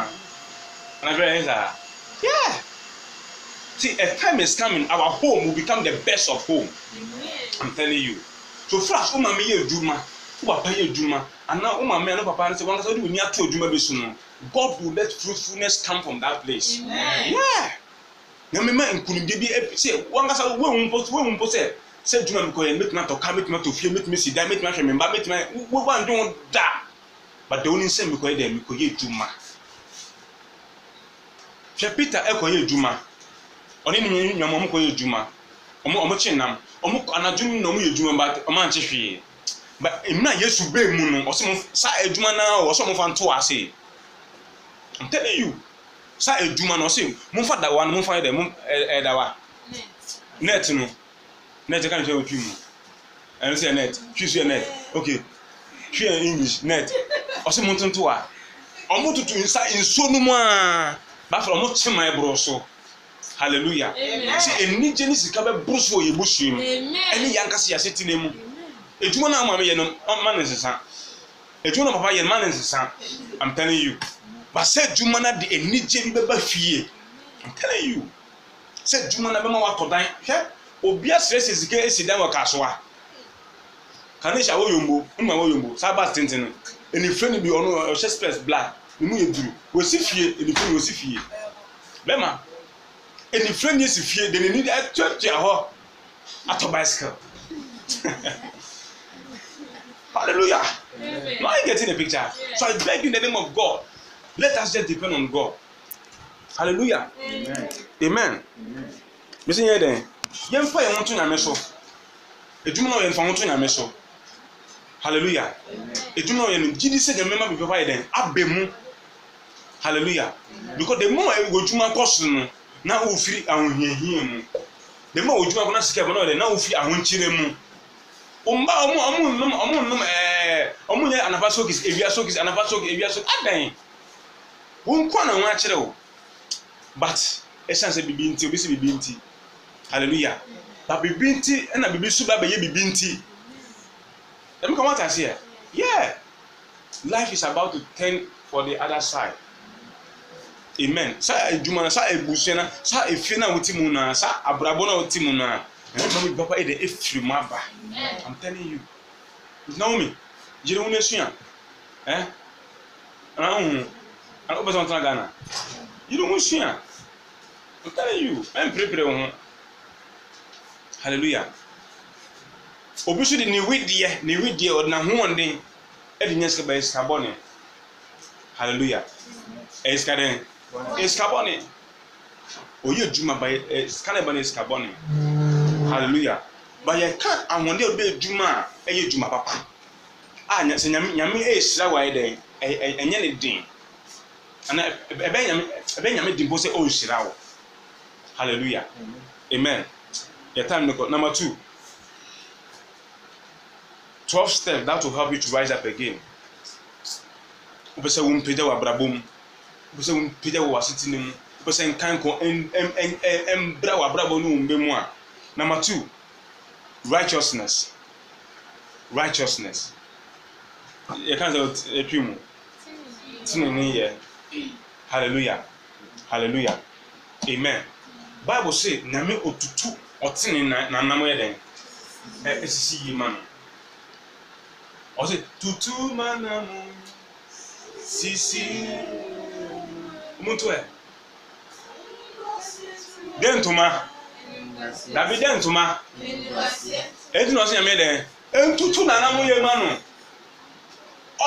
and i very nice yeah see a time is coming our home will become the best of home i'm telling you so flash wo maame yɛ adwuma wo papa yɛ adwuma ana wo maame ano papa no sɛ wankasa wode woni ato adwuma bi so no god will let fruitfulness come from that place yeah na mema nkunimdie bi eh, sɛ wankasa woahu mpo woahu mpo sɛ sɛ adwuma mi kɔyɛ mɛtumi atɔ ka mɛtumi atɔ fie mɛtumi si dan mɛtumi ahwɛ mɛ mba mɛtumi wo wandwe ho da but deɛ wo eh, ni nsɛm mi kɔyɛ dɛ mi kɔyɛ adwuma hwɛ peter ɛkɔyɛ adwuma ɔne ne nyamɔm kɔyɛ adwuma ɔmo ɔmo kye nam ɔmo anadwo mu na ɔmo yɛ adwuma ba ɔmo ankyɛ hwee ba emu na yesu bee mu no ɔsɛ mo saa adwuma naa ɔsɛ mo fa nto ase i'm telling you saa adwuma na ɔsɛ mo fa dawa no mo fa yɛ dɛ mo ɛɛ e, e, net no net e kan fɛ otwi mu ɛno sɛ net twi so net okay twi yɛ english net ɔsɛ mo ntonto a ɔmo tutu nsa nsuo no mu aa bafra ɔmo kye maa ɛboro so hallelujah sɛ anigye ne sika bɛboro so wɔ yɛ busua mu ɛne yɛ ankasa yɛase tena mu adwuma no a maame yɛ no ma ne nsesa adwuma no papa yɛ no ma ne nsesa i'm telling you but sɛ adwuma no de anigye bi bɛba fie i'm telling you sɛ adwuma no bɛma wakɔ dan hwɛ obi asrɛsɛ sika asi dan wɔ kasoa kanisha wo yombo mma wo yombo saa bas tenten no enifire no bi ɔno ɔhyɛ spɛs black ne mu yɛ duru wosi fie enifire wosi fie bɛma enifire ni esi fie de n'ani atuatua hɔ atɔ bicycle hallelujah now you get in the picture so i beg you in the name of god let us just depend on god hallelujah amen amen bisi yɛ dɛ yɛn fa yɛn ho to nyame so edumuna yɛn fa ho to nyame so hallelujah edumuna yɛn no gidi sɛ nyame ma bi pɛpɛ yɛ dɛ abɛ mu hallelujah because the more ɛwɔ edwuma kɔ so no. na wofiri ahohiahia mu de ma wodwuma ko na sika bɔ na ɔde na wofiri ahokyerɛ mu mba ɔmo ɔmo nnum ɔmo nnum ɛɛ ɔmo nyɛ anapa sokis ewia sokis sokis ewia sokis adan wɔn kɔn na wɔn akyerɛ o but ɛhyɛn sɛ bibi nti obi si bibi nti hallelujah ba bibi nti ɛna bibi so ba bɛyɛ bibi nti ɛmu ka wɔn ata aseɛ yeah life is about to turn for the other side. amen saa adwuma na saa ebusua na saa efie na wote mu na saa abrabɔ na wote mu na ɛnna mo bi papa yɛ efiri mu aba i'm telling you naomi yere wo n'esua ɛ ɛna ahu ɛna wopɛ sɛ wɔn tena ghana yere wo n'esua i'm telling you ɛn pirepire wo ho hallelujah obi nso de ne wideɛ ne wideɛ ɔde n'ahoɔden ɛde nyɛ sika bɛyɛ sika bɔ ne hallelujah ɛyɛ sika dɛn eskabɔne oyɛ adwuma ba yɛ eh, sikana ba no hallelujah ba yɛ ka ahoɔden a ɔbɛ adwuma a ɛyɛ adwuma papa a ah, sɛ nyame nyame eh, ɛyɛhyira wɔ ayɛ dɛn eh, ɛnyɛ ne den ana ɛbɛ Nyami, ɛbɛ nyame Nyami, po oh, sɛ ɔnhyira wɔ hallelujah amen yɛ time no kɔ number two. Twelve steps that will help you to rise up again. Wopɛ sɛ wo mpagya wɔ abrabɔ mu wopɛ sɛ wɔmpagya wɔ w'asetena mu wopɛ sɛ nkan kɔ mbra w'abrabɔ ne wɔn bɛ mu a number two righteousness righteousness yɛka sɛ ɛtwi e mu tene ne yɛ hallelujah hallelujah amen bible say nyame otutu ɔtene nanam yɛ dɛn ɛsisi yi ma no ɔsɛ tutu ma nam sisi. mutwe de ntoma dabi de ntoma edi na ɔsi nyame dɛ ntutu na anamu yɛ ma no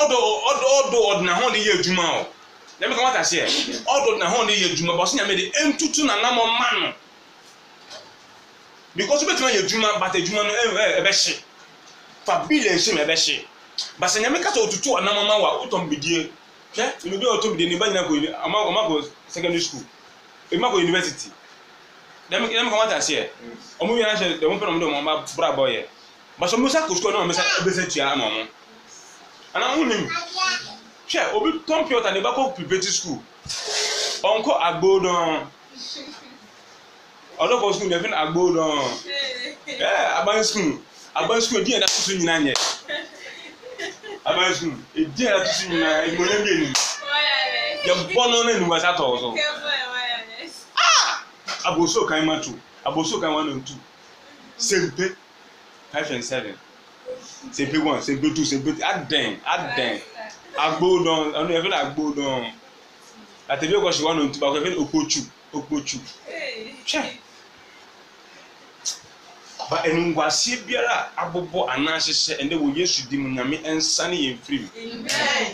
ɔdɔ ɔdɔ ɔdɔ ɔdina hɔn de yɛ adwuma o dɛbi kama ta seɛ ɔdɔ ɔdina hɔn de yɛ adwuma bɔ ɔsi nyame dɛ ntutu na anamu e, e, ma no because bɛtuma yɛ adwuma bata adwuma no ɛbɛ ɛbɛhye fa bil ɛnhyɛm ɛbɛhye basa nyame kasa otutu anamu ma wa otɔn bidie. hwɛ nubi a ɔtɔ bi de ne ba nyina kɔ ɔma ɔma kɔ secondary school ebi ma kɔ university dɛm dɛm kɔn ata seɛ ɔmo nyinaa hyɛ dɛm pɛn ɔmo de ɔmo ba bra bɔ yɛ basa ɔmo sa kɔ sukuu ɛna ɔmo sa ebesa tia ama ɔmo ana ɔmo nim hwɛ obi tɔn piɔta ne ba kɔ pipeti school ɔnkɔ agbo dɔn ɔdɔ kɔ sukuu ne fi na agbo dɔn ɛɛ aban sukuu aban sukuu edi yɛn na soso nyinaa nyɛ kɔlɛ sukulu edi yɛrɛ tusu nyinaa egbonye bi eni yɛbɔ nɔ ne nuba sa tɔɔ sɔ aboso kan ma tu aboso kan wa na tu sempe five and seven sempe one sempe two sempe three adɛn adɛn agbo dɔn ɔnu yɛfɛ na agbo dɔn atɛbi ekɔsi wa na tu baako yɛfɛ na okpotsu okpotsu tiɛ ba enunguaseɛ biara abobɔ anaa hyehyɛ ɛnɛ wɔ yesu di mu nyame nsane yɛn firi mu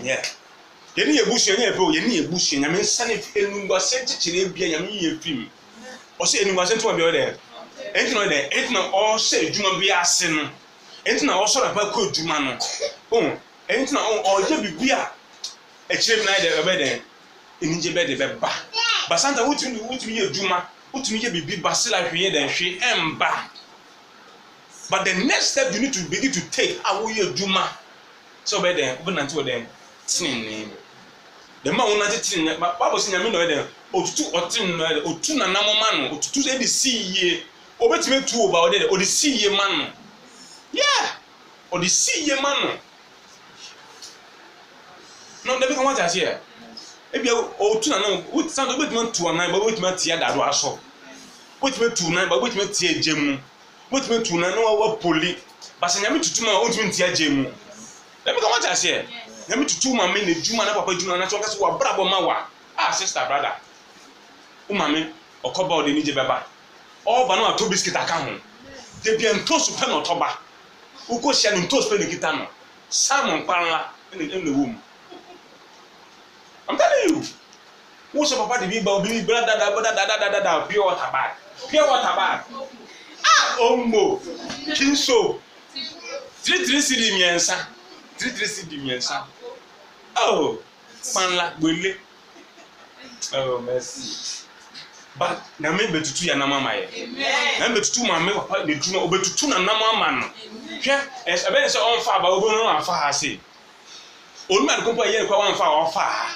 yɛ yɛne yɛ busua yɛn yɛ pɛ o yɛne yɛ busua nyame nsane enunguaseɛ kyekyere ebia nyame yɛ firi mu ɔsɛ enunguaseɛ ntoma bi ɔdɛ ɛntina ɔdɛ ɛntina ɔsɛ edwuma bi ase no ɛntina ɔsɔrɔ apa kɔ edwuma no ɔn ɛntina ɔyɛ bibi a akyire bi n'ayɛ dɛ ɛbɛ dɛ enigye bɛ de bɛ ba basanta wotumi wotumi yɛ edwuma wotumi yɛ bibi basila hwee dɛ hwee ɛmba but the next step you need to begin to take a woyɛ adwuma sɛ ɔbɛ dɛn wobɛnante wɔ dɛn tenenee dɛm a wonante tenenee bible sɛ nyame na ɔyɛ dɛn otutu ɔtenenee ɔyɛ dɛn otu nanam ma no otutu sɛ ɛde si yie obetumi etu oba ɔde dɛ ɔde si yie ma no yɛ ɔde si yie ma no na ɔde bi ka wɔn ate aseɛ ebi otu nanam wotu sanadu obetumi atu ɔnan ba obetumi atia dado asɔ obetumi atu nan ba obetumi atia egya mu wotumi tu na na wawa poli basa nyame tutu ma wotumi nti agye mu ebi ka wate aseɛ nyame tutu maame na edwuma na papa edwuma na kyɛn kasa wabrabɔ ma wa ah sista brada wo maame ɔkɔba ɔde ne gye bɛba ɔɔba na wato biskit aka ho debia ntoosu pɛ na ɔtɔba wokɔ hyia no ntoosu pɛ na ekita no salmon kpanla ɛna ɛna ɛwɔ mu i'm telling you wosɛ papa de bi ba obi bi bra dada dada dada dada pure water bag pure water bag onmo kinso tiritiri sidi mmiɛnsa tiritiri sidi mmiɛnsa oh panla gbele oh mercy ba na me betutu ya nam ama yɛ na me betutu maame papa ne duma obetutu na nam ama no hwɛ ɛbɛn sɛ ɔnfa aba obo no afa ha se onimɔ adi kɔmpɔ yɛ ekɔ ɔnfa ɔfa ha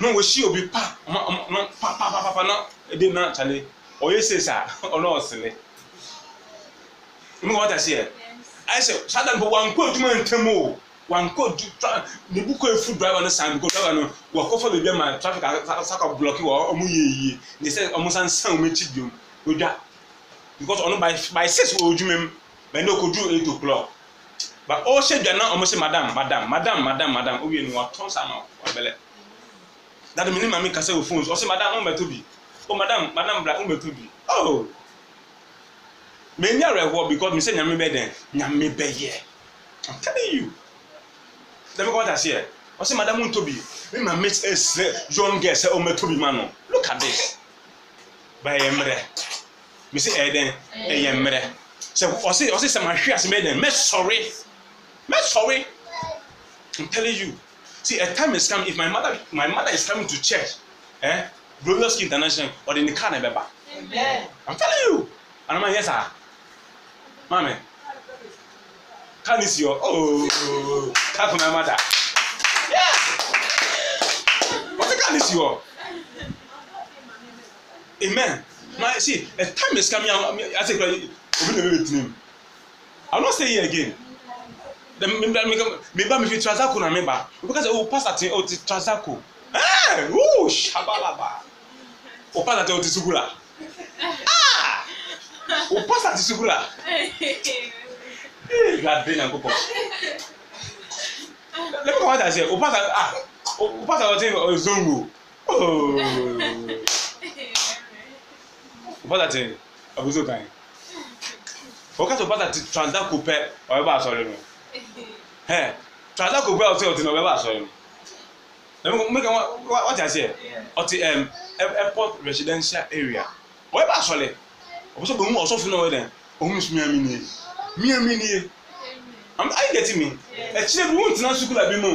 na wɔsi obi pa ɔma ɔma pa pa pa pa pa, na ɛdi na kyale. oyesesa ɔnɔɔsele mu wata seɛ ayisɛ satan bụ wankɔ adwuma ntɛm o wankɔ ne bu kɔ efu driver no san because driver no wakɔfa beebi ama trafik asaka blɔki wɔ ɔmo yɛ yie ne sɛ ɔmo san san ọmụ ekyi biom odwa because ɔno by by six wɔ adwuma mu bɛn de okodu eight o'clock but ɔhyɛ dwa na ọmụ sɛ madam madam madam madam madam owie wa watɔn sa ma ọ wabɛlɛ dadu mi ni maami kasa wɔ phone so ɔsɛ madam ɔmo bɛtɔ bi. oh madam madam bla umetu bi oh menya rewo because me say nyame be den nyame be ye i'm telling you let me come out here i say madam unto bi me ma mate is young girl say umetu bi man oh. look at this by emre me say eh den eh emre sɛ ɔsi ɔsi sɛ ma hwi asɛm ɛdɛn mɛ sɔre mɛ sɔre i'm telling you see a time is coming if my mother my mother is coming to church eh glorious international ọ̀dẹ̀ ní káà náà bẹ bá i'm telling you anamọ yẹn sá maame káà ní sí ọ ooo káà fún mi mada wọ́n ti káà ní sí amen my see a time is coming i say obi na me be tinim i no say here again meba mi fi transako na meba because o pastor ti o ti transako ɛɛ wuu shabalaba upata teo tisugula ah! upasa tisugula gabe eh, nyankopɔn ne ko wata ah, oh. se upasa ah upasa wɔte ozongo upasa te abuzo kan wɔka sɛ upasa te transa kopɛ ɔbɛba e asɔre no hɛ eh, transa kopɛ ɔte ɔte na ɔbɛba e asɔre no make am what i say ọtí um, airport residential area wọ́n bá sọ̀lẹ̀ ọ̀bùsọ̀ bẹ̀rù ọ̀sọ́fin náà wẹ̀ dẹ̀ ọ̀hún mi sùn mí àmì nìyẹn mí àmì nìyẹn are you getting me ẹ̀kyẹ́ bí wọ́n tẹ̀lé sukuu àbí mu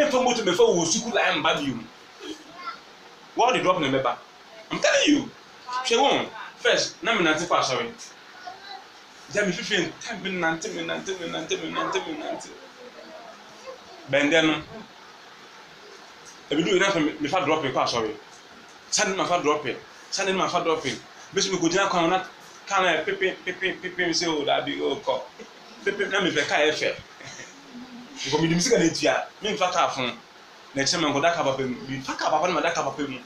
ẹ̀ fọ́ mọ́tò mẹ́fọ́ wọ sukuu àyẹ̀ mbà bí mu wọ́n di drop ní bẹ́ẹ̀ i'm telling you ṣe wọ́n first náà mi nante kọ́ àṣọwé jẹ́ mi fífi ntẹ́ mi nante mi nante mi nante mi nante mi nante bẹ́ẹ̀ ndẹ́ no ebi du yɛrɛ fɛ mi fa drɔpin kɔ asɔre sani ma fa drɔpin sani ma fa drɔpin bisi mi ko gyina kwan na kaa yɛ pepe pepe pepe mi se o oh, da bi o kɔ pepe na mi fɛ kaa yɛ fɛ nkɔ mi di mi si ka ne tia mi nfa kaa fun na ɛkyɛn mi nkɔ da kaa papa mu mi nfa kaa papa mu da kaa papa mu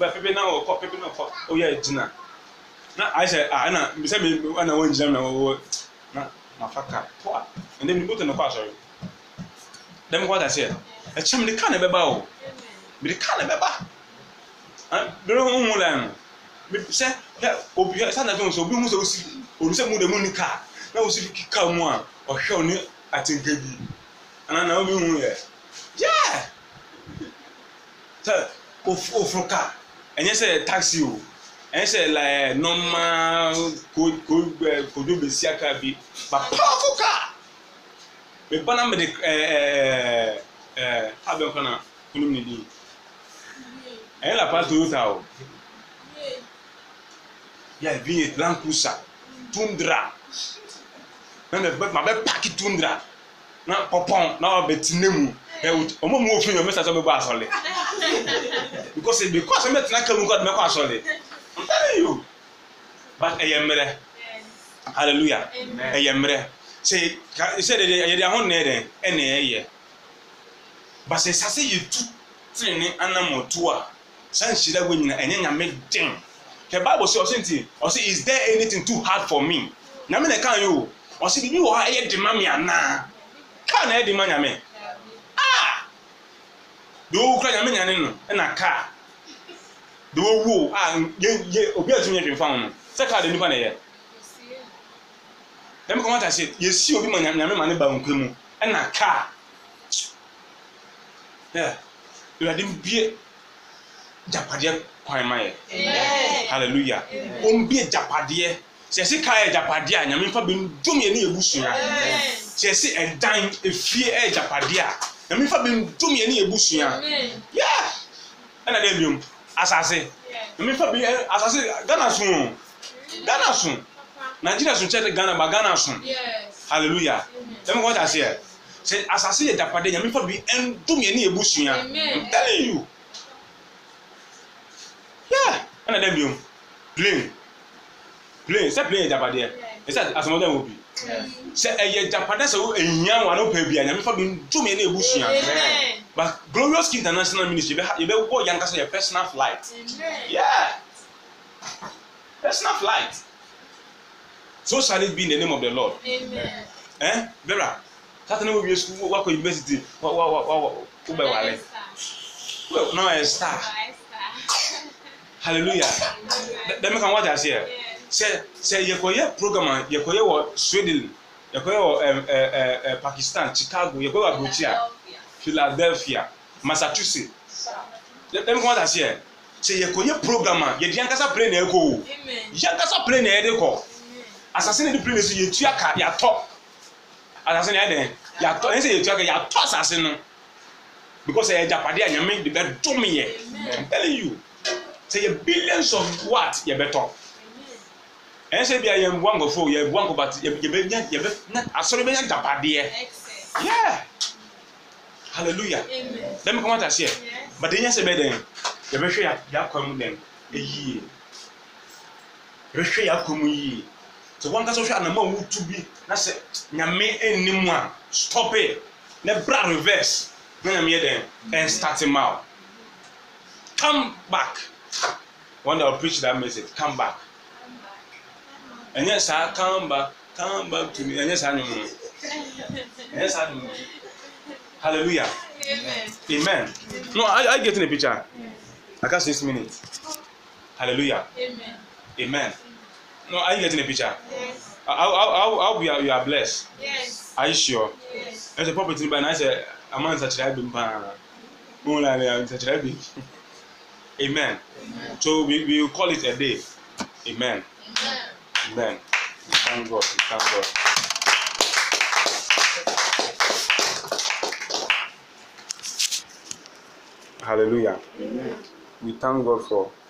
bɛ pepe na wɔ kɔ pepe na kɔ o yɛ gyina na ayɛ a ah, ɛna mi sɛ mi ɛna wɔn gyina na wɔwɔ na ma fa kaa pɔa ɛnɛ mi ni bɔtɔ na kɔ asɔre dɛm kɔ da seɛ ɛkyɛ mirika eh, na ɛbɛba o mirika na ɛbɛba bere ho hu lan no sɛ obi sɛ anadwo nso obi hu sɛ osi onu sɛ mu na mu ni kaa na osi kika mu a ɔhwɛ ɔne atenka bi ana na obi hu yɛ yɛɛ sɛ ofuru kaa ɛnyɛ sɛ taxi o ɛnyɛ sɛ ɛɛ normal ko ko ɛɛ eh, kodo besia kaa bi ba powerful kaa mɛ bana mɛ de ɛɛ eh, ɛɛ ɛɛ a bɛn kana kulum ni din a yɛ lapa toyota o yɛ bin ye land cruiser tundra nana bɛ ma bɛ paki tundra na pɔpɔn na wa bɛ ti ne mu ɛ o mo mu o fi ɲɔ mɛ sasɔ bɛ bɔ a sɔrɔ dɛ because because mɛ tina kɛ mu kɔ mɛ kɔ a sɔrɔ dɛ n tɛ yi o but ɛ yɛ mɛrɛ hallelujah ɛ yɛ mɛrɛ sɛ sɛ de de yɛ de ahɔn nɛ dɛ ɛ nɛ yɛ yɛ basa sase yɛ tu tirini anamoto a saa nhyira wo nyina ɛnyɛ nyame den hwɛ baabu sɛ ɔsɛ nti ɔsɛ is there anything too hard for me nyame na kan yi o ɔsɛ bibi wɔ ha ɛyɛ dema mi anaa kaa na ɛyɛ dema nyame aa deɛ owu kura nyame nyane no ɛna kaa deɛ owu o a ye ye. obi a tumi yɛ dwemfa ho no sɛ kaa de nipa na yɛ dɛm kɔn ata sɛ yɛsi obi ma nyame ma ne ba nkwa mu ɛna kaa dɛ awurade bie japadeɛ kwan ma yɛ hallelujah ɔmbie japadeɛ sɛ ɛsi kaa yɛ japadeɛ a nyame mfa bɛndum yɛ ne yɛ busua sɛ ɛsi ɛdan efie ɛyɛ japadeɛ a nyame mfa bɛndum yɛ ne yɛ busua yɛ ɛna dɛ biom asase nyame mfa bɛ asase ghana sun o ghana sun nigeria sun kyɛ de ghana ba ghana sun hallelujah ɛmu kɔn ta se sɛ asase yɛ dapade nyame fa bi ɛndum yɛ ne yɛ busua i'm telling you yeah ɛna dɛ biom plane plane sɛ plane yɛ dapadeɛ ɛsɛ asomɔdɛ wɔ bi sɛ ɛyɛ dapade sɛ wo ehia wa no pɛ bi a nyame fa bi ndum yɛ ne yɛ busua but glorious king international ministry yɛ bɛ wɔ yan kasa yɛ personal flight yeah personal flight so shall it be in the name of the lord amen eh bɛra sátani wo wie sukuu wakɔ yunifasiti wa wa wa wa wobɛ wale na ɔyɛ star hallelujah dɛmɛ kan wata aseɛ sɛ sɛ yɛkɔyɛ program a yɛkɔyɛ wɔ sweden yɛkɔyɛ wɔ ɛɛ ɛɛ ɛɛ pakistan chicago yɛkɔyɛ wɔ aburokyia philadelphia massachusetts dɛmɛ kan wata aseɛ sɛ yɛkɔyɛ program a yɛde yankasa plane na yɛkɔ o yankasa plane na yɛde kɔ asase na yɛde plane na yɛtua ka yɛatɔ assassin yɛ dɛ yatɔ ɛsɛ yɛ tuya kɛ yatɔ assassin no because ɛyɛ japade a nyame de bɛ dum yɛ i'm telling you sɛ yɛ billions of what yɛ bɛ tɔ ɛsɛ bi a yɛ bu ankɔfo yɛ bu ankɔ but yɛ bɛ nya yɛ bɛ na asɔre bɛ nya japadeɛ yeah hallelujah let me come out as here but ɛnyɛ sɛ bɛ dɛ yɛ bɛ hwɛ yɛ akɔ mu dɛ ɛyie yɛ bɛ hwɛ yɛ mu yie sɛ wankasa wohwɛ anama a wotu bi na sɛ nyame nni mu a stop it na bra reverse na nyame yɛ dɛn and start him out come back one day i'll preach that message come back ɛnyɛ saa come back come back to me ɛnyɛ saa nyɔmu ɛnyɛ saa nyɔmu hallelujah amen, amen. no I I get in the picture yeah. i got six minutes hallelujah amen, amen. No, are you getting a picture? Yes. How how how how we are you are blessed? Yes. Are you sure? Yes. Ẹsẹ̀ pọ́pọ̀ tí ní báyìí náà ṣe àmọ́ man, àgbè mpaa. Mo ń lànà ìsàtìlẹ́ àgbè. Amen. So we we will call it a day. Amen. Amen. Amen. thank God. thank God. Hallelujah. Amen. We thank God for.